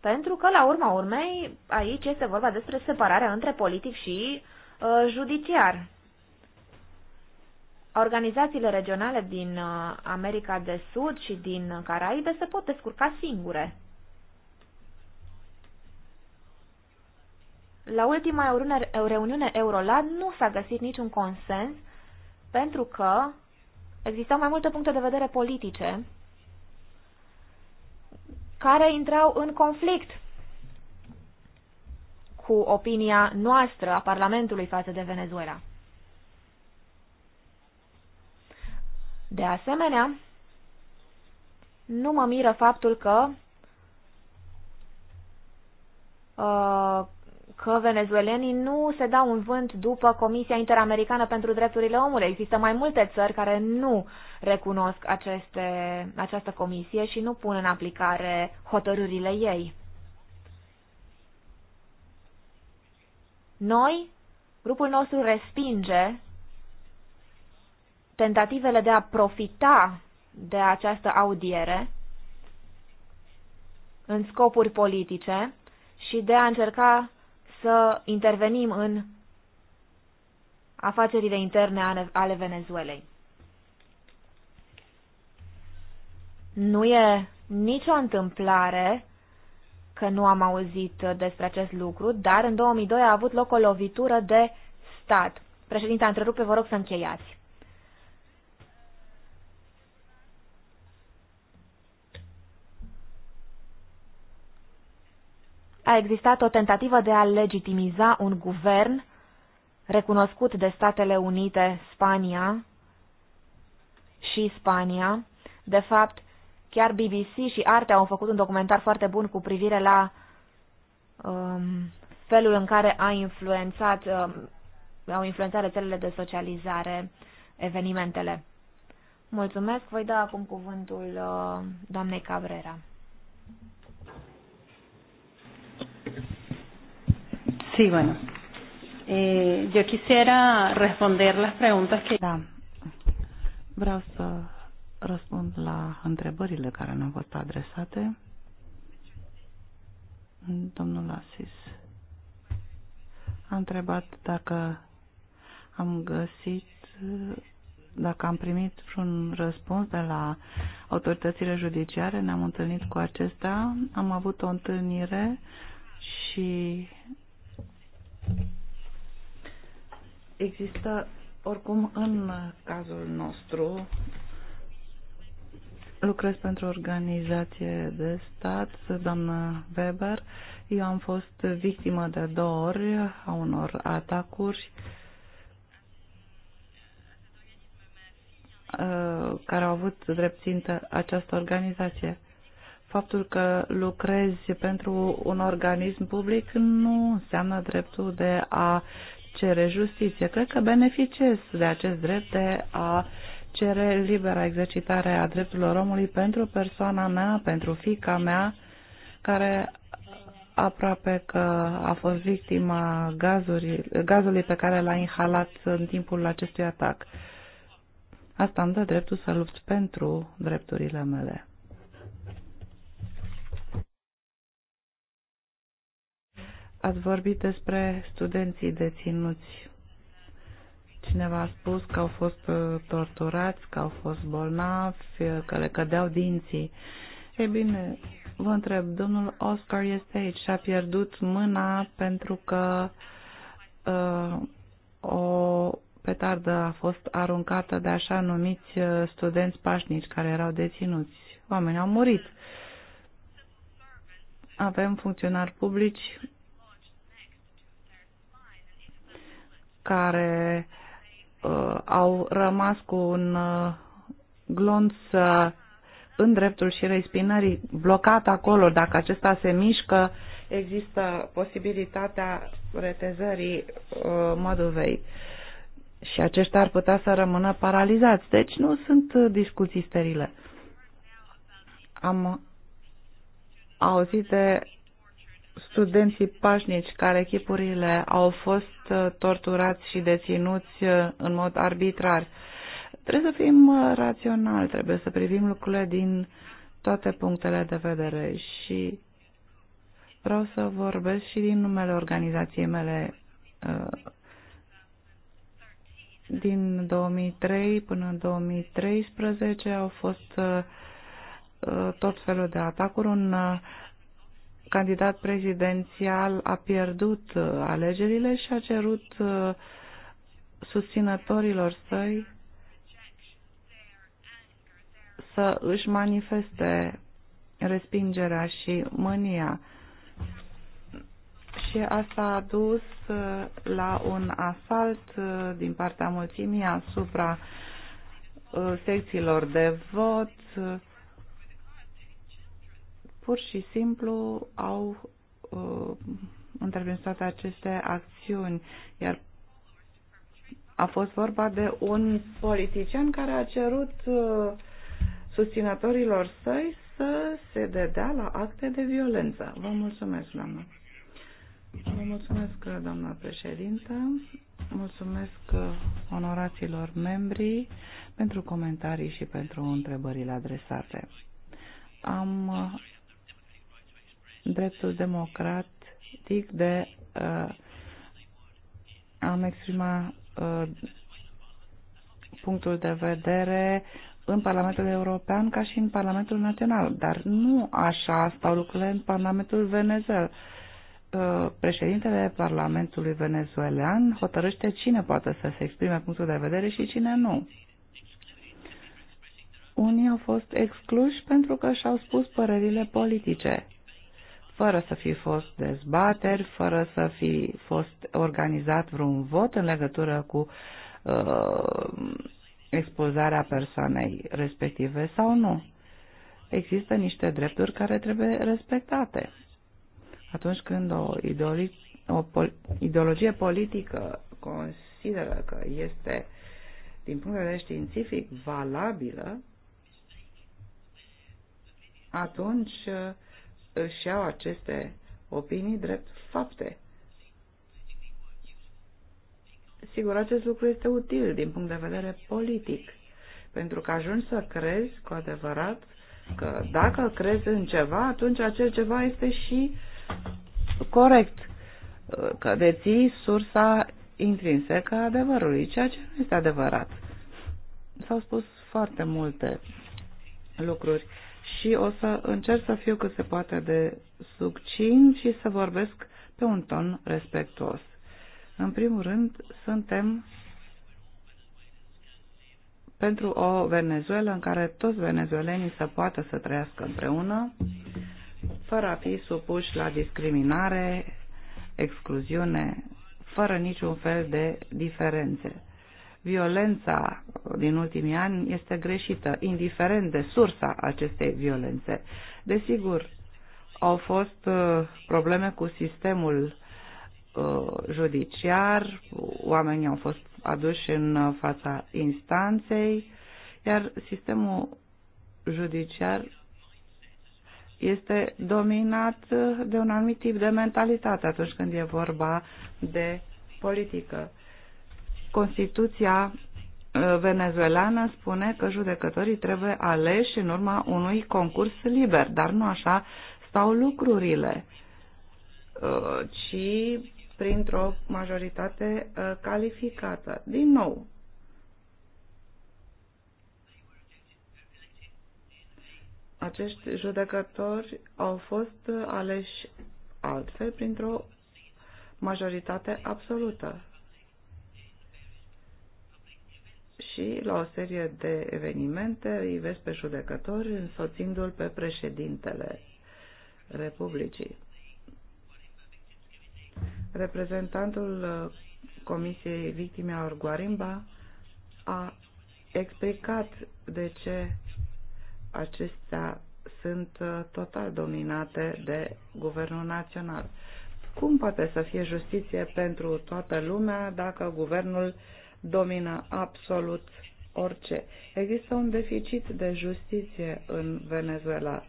Pentru că, la urma urmei, aici este vorba despre separarea între politic și uh, judiciar. Organizațiile regionale din uh, America de Sud și din Caraibe se pot descurca singure. La ultima reuniune Eurolat nu s-a găsit niciun consens pentru că existau mai multe puncte de vedere politice care intrau în conflict cu opinia noastră a Parlamentului față de Venezuela. De asemenea, nu mă miră faptul că uh, că venezuelenii nu se dau un vânt după Comisia Interamericană pentru Drepturile Omului. Există mai multe țări care nu recunosc aceste, această comisie și nu pun în aplicare hotărârile ei. Noi, grupul nostru respinge tentativele de a profita de această audiere în scopuri politice și de a încerca să intervenim în afacerile interne ale Venezuelei. Nu e nicio întâmplare că nu am auzit despre acest lucru, dar în 2002 a avut loc o lovitură de stat. Președinte, întrerupe, vă rog să încheiați. a existat o tentativă de a legitimiza un guvern recunoscut de Statele Unite, Spania și Spania. De fapt, chiar BBC și Arte au făcut un documentar foarte bun cu privire la um, felul în care a influențat, um, au influențat rețelele de socializare evenimentele. Mulțumesc, voi da acum cuvântul uh, doamnei Cabrera. Sí, bueno. Eh, yo quisiera responder las preguntas que... Da. Vreau să răspund la întrebările care ne-au fost adresate. Domnul Asis a întrebat dacă am găsit, dacă am primit un răspuns de la autoritățile judiciare, ne-am întâlnit cu acestea, am avut o întâlnire și Există, oricum, în cazul nostru, lucrez pentru organizație de stat, doamnă Weber. Eu am fost victimă de două ori a unor atacuri uh, care au avut drept țintă această organizație. Faptul că lucrezi pentru un organism public nu înseamnă dreptul de a cere justiție. Cred că beneficiez de acest drept de a cere libera exercitare a drepturilor omului pentru persoana mea, pentru fica mea, care aproape că a fost victima gazului, gazului pe care l-a inhalat în timpul acestui atac. Asta îmi dă dreptul să lupt pentru drepturile mele. ați vorbit despre studenții deținuți. Cineva a spus că au fost uh, torturați, că au fost bolnavi, uh, că le cădeau dinții. Ei bine, vă întreb, domnul Oscar este aici și a pierdut mâna pentru că uh, o petardă a fost aruncată de așa numiți uh, studenți pașnici care erau deținuți. Oamenii au murit. Avem funcționari publici care uh, au rămas cu un uh, glonț uh, în dreptul și respinării blocat acolo. Dacă acesta se mișcă, există posibilitatea retezării uh, măduvei. Și aceștia ar putea să rămână paralizați. Deci nu sunt uh, discuții sterile. Am auzit de studenții pașnici care chipurile au fost uh, torturați și deținuți uh, în mod arbitrar. Trebuie să fim uh, raționali, trebuie să privim lucrurile din toate punctele de vedere și vreau să vorbesc și din numele organizației mele din 2003 până în 2013 au fost tot felul de atacuri. Un candidat prezidențial a pierdut uh, alegerile și a cerut uh, susținătorilor săi să își manifeste respingerea și mânia. Și asta a dus uh, la un asalt din partea mulțimii asupra secțiilor de vot, pur și simplu au uh, întreprins toate aceste acțiuni, iar a fost vorba de un politician care a cerut uh, susținătorilor săi să se dedea la acte de violență. Vă mulțumesc, doamnă. Vă mulțumesc, doamna președintă. Mulțumesc onoraților membri pentru comentarii și pentru întrebările adresate. Am dreptul democratic de uh, a-mi exprima uh, punctul de vedere în Parlamentul European ca și în Parlamentul Național, dar nu așa stau lucrurile în Parlamentul Venezuel. Uh, președintele Parlamentului venezuelan hotărăște cine poate să se exprime punctul de vedere și cine nu. Unii au fost excluși pentru că și-au spus părerile politice fără să fi fost dezbateri, fără să fi fost organizat vreun vot în legătură cu uh, expulzarea persoanei respective sau nu. Există niște drepturi care trebuie respectate. Atunci când o, o pol, ideologie politică consideră că este, din punct de vedere științific, valabilă, atunci uh, își iau aceste opinii drept fapte. Sigur, acest lucru este util din punct de vedere politic, pentru că ajungi să crezi cu adevărat că dacă crezi în ceva, atunci acel ceva este și corect, că deții sursa intrinsecă a adevărului, ceea ce nu este adevărat. S-au spus foarte multe lucruri și o să încerc să fiu cât se poate de succint și să vorbesc pe un ton respectuos. În primul rând, suntem pentru o Venezuela în care toți venezuelenii să poată să trăiască împreună, fără a fi supuși la discriminare, excluziune, fără niciun fel de diferențe violența din ultimii ani este greșită, indiferent de sursa acestei violențe. Desigur, au fost uh, probleme cu sistemul uh, judiciar, oamenii au fost aduși în fața instanței, iar sistemul judiciar este dominat uh, de un anumit tip de mentalitate atunci când e vorba de politică. Constituția uh, venezuelană spune că judecătorii trebuie aleși în urma unui concurs liber, dar nu așa stau lucrurile, uh, ci printr-o majoritate uh, calificată. Din nou, acești judecători au fost aleși altfel printr-o majoritate absolută. și la o serie de evenimente îi vezi pe judecători însoțindu-l pe președintele Republicii. Reprezentantul uh, Comisiei Victimelor Guarimba a explicat de ce acestea sunt uh, total dominate de guvernul național. Cum poate să fie justiție pentru toată lumea dacă guvernul uh, domină absolut orice. Există un deficit de justiție în Venezuela.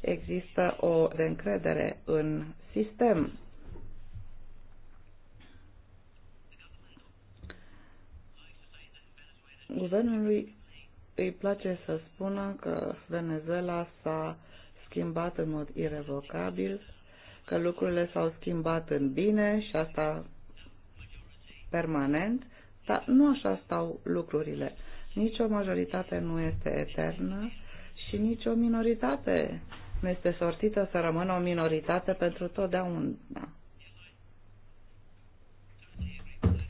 Există o încredere în sistem. Guvernului îi place să spună că Venezuela s-a schimbat în mod irrevocabil, că lucrurile s-au schimbat în bine și asta permanent, dar nu așa stau lucrurile. Nici o majoritate nu este eternă și nici o minoritate nu este sortită să rămână o minoritate pentru totdeauna.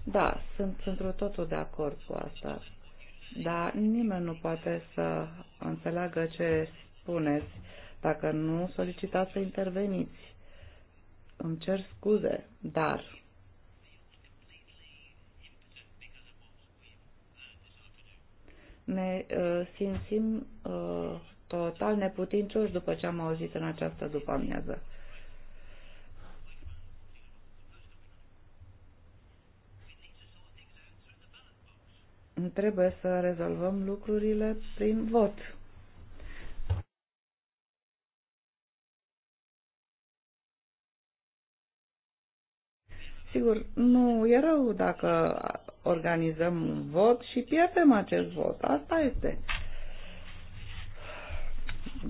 Da, sunt într totul de acord cu asta. Dar nimeni nu poate să înțeleagă ce spuneți dacă nu solicitați să interveniți. Îmi cer scuze, dar ne uh, simțim uh, total neputincioși după ce am auzit în această după-amiază. Trebuie să rezolvăm lucrurile prin vot. Sigur, nu e rău dacă organizăm un vot și pierdem acest vot. Asta este.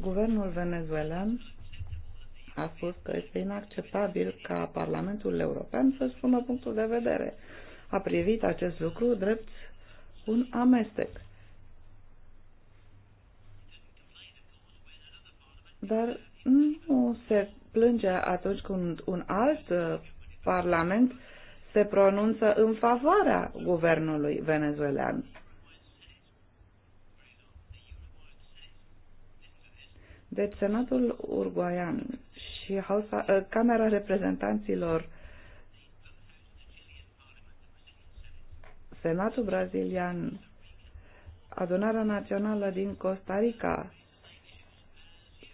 Guvernul venezuelan a spus că este inacceptabil ca Parlamentul European să spună punctul de vedere. A privit acest lucru drept un amestec. Dar nu se plânge atunci când un alt uh, parlament uh, se pronunță în favoarea guvernului venezuelan. Deci Senatul Uruguayan și Hausa, eh, Camera Reprezentanților, Senatul Brazilian, Adunarea Națională din Costa Rica,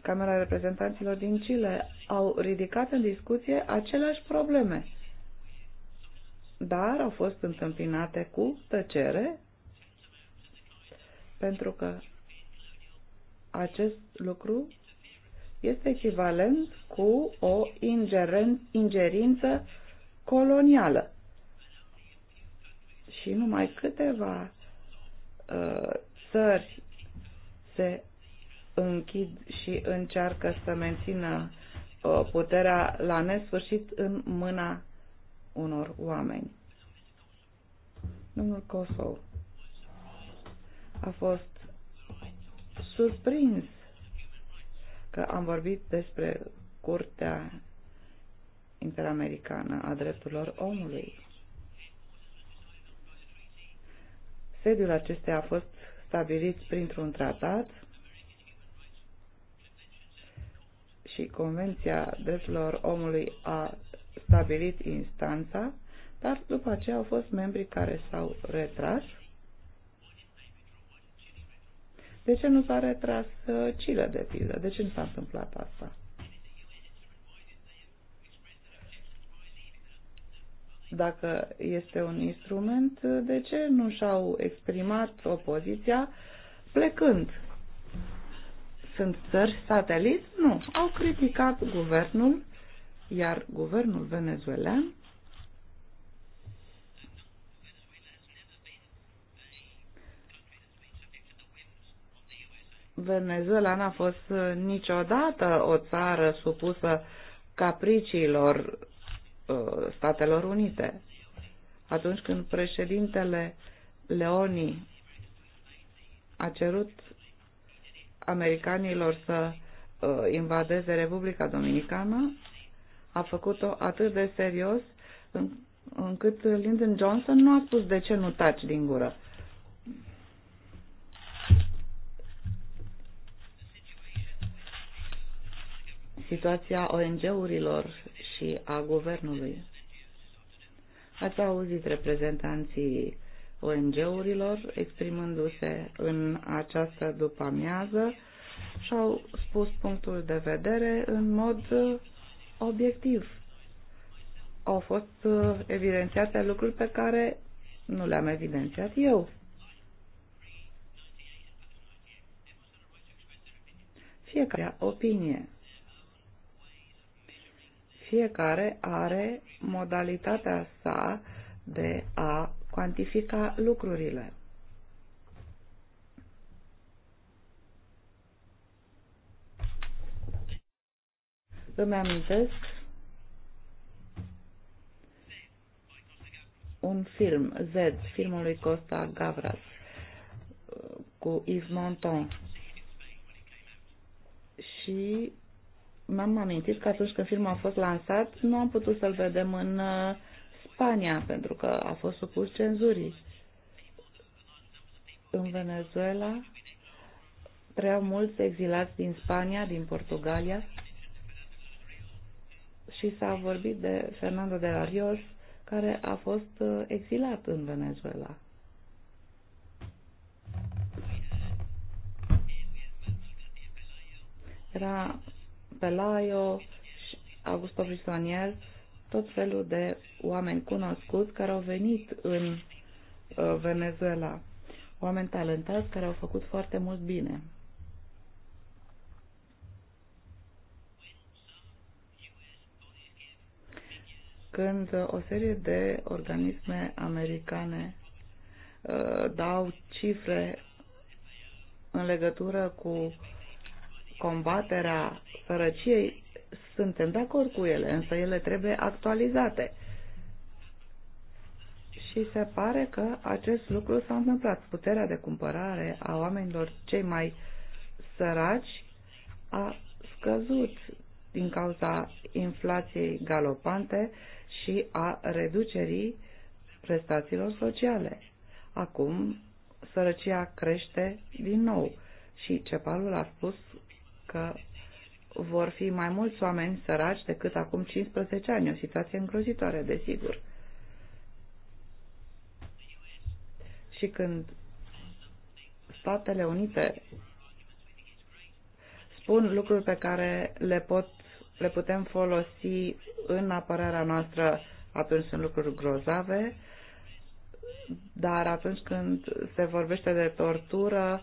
Camera Reprezentanților din Chile au ridicat în discuție aceleași probleme dar au fost întâmpinate cu tăcere, pentru că acest lucru este echivalent cu o ingeren, ingerință colonială. Și numai câteva uh, țări se închid și încearcă să mențină uh, puterea la nesfârșit în mâna unor oameni. Domnul Kosovo a fost surprins că am vorbit despre Curtea Interamericană a Drepturilor Omului. Sediul acestea a fost stabilit printr-un tratat și Convenția Drepturilor Omului a stabilit instanța, dar după aceea au fost membri care s-au retras. De ce nu s-a retras uh, Chile, de pildă? De ce nu s-a întâmplat asta? Dacă este un instrument, uh, de ce nu și-au exprimat opoziția plecând sunt țări satelit? Nu. Au criticat guvernul iar guvernul venezuelan Venezuela n-a fost niciodată o țară supusă capriciilor uh, Statelor Unite. Atunci când președintele Leoni a cerut americanilor să uh, invadeze Republica Dominicană, a făcut-o atât de serios încât Lyndon Johnson nu a spus de ce nu taci din gură. Situația ONG-urilor și a guvernului. Ați auzit reprezentanții ONG-urilor exprimându-se în această după-amiază și au spus punctul de vedere în mod obiectiv. Au fost uh, evidențiate lucruri pe care nu le-am evidențiat eu. Fiecare opinie. Fiecare are modalitatea sa de a cuantifica lucrurile. Îmi amintesc un film, Z, filmul lui Costa Gavras, cu Yves Monton Și m-am amintit că atunci când filmul a fost lansat, nu am putut să-l vedem în uh, Spania, pentru că a fost supus cenzurii. În Venezuela prea mulți exilați din Spania, din Portugalia, și s-a vorbit de Fernando de la Rios, care a fost uh, exilat în Venezuela. Era Pelayo, Augusto Frisonier, tot felul de oameni cunoscuți care au venit în uh, Venezuela. Oameni talentați care au făcut foarte mult bine. când o serie de organisme americane uh, dau cifre în legătură cu combaterea sărăciei, suntem de acord cu ele, însă ele trebuie actualizate. Și se pare că acest lucru s-a întâmplat. Puterea de cumpărare a oamenilor cei mai săraci a scăzut din cauza inflației galopante, și a reducerii prestațiilor sociale. Acum sărăcia crește din nou și Cepalul a spus că vor fi mai mulți oameni săraci decât acum 15 ani, o situație îngrozitoare, desigur. Și când Statele Unite spun lucruri pe care le pot le putem folosi în apărarea noastră atunci sunt lucruri grozave, dar atunci când se vorbește de tortură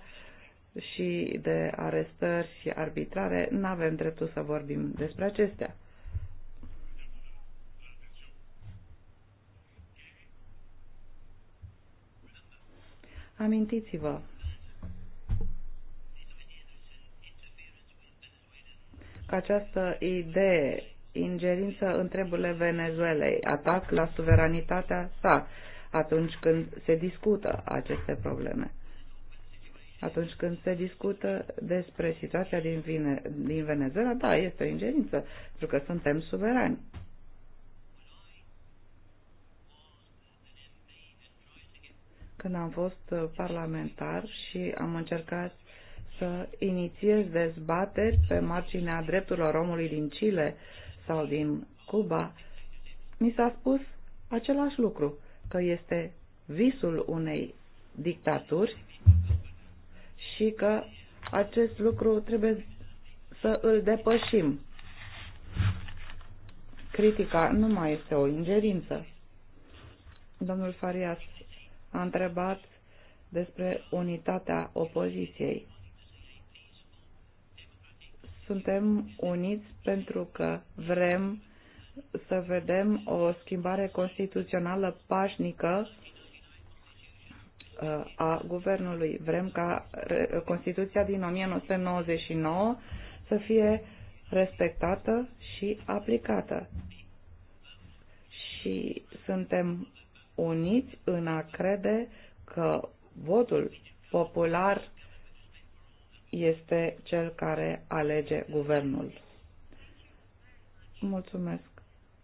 și de arestări și arbitrare, nu avem dreptul să vorbim despre acestea. Amintiți-vă că această idee, ingerință în treburile Venezuelei, atac la suveranitatea sa atunci când se discută aceste probleme. Atunci când se discută despre situația din, Vine, din Venezuela, da, este o ingerință, pentru că suntem suverani. Când am fost parlamentar și am încercat să inițiezi dezbateri pe marginea drepturilor omului din Chile sau din Cuba, mi s-a spus același lucru, că este visul unei dictaturi și că acest lucru trebuie să îl depășim. Critica nu mai este o ingerință. Domnul Farias a întrebat despre unitatea opoziției suntem uniți pentru că vrem să vedem o schimbare constituțională pașnică uh, a guvernului. Vrem ca Constituția din 1999 să fie respectată și aplicată. Și suntem uniți în a crede că votul popular este cel care alege guvernul. Mulțumesc,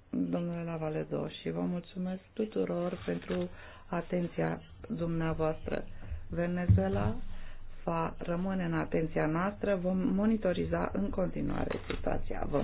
domnule Lavaledo, și vă mulțumesc tuturor pentru atenția dumneavoastră. Venezuela va rămâne în atenția noastră, vom monitoriza în continuare situația. Vă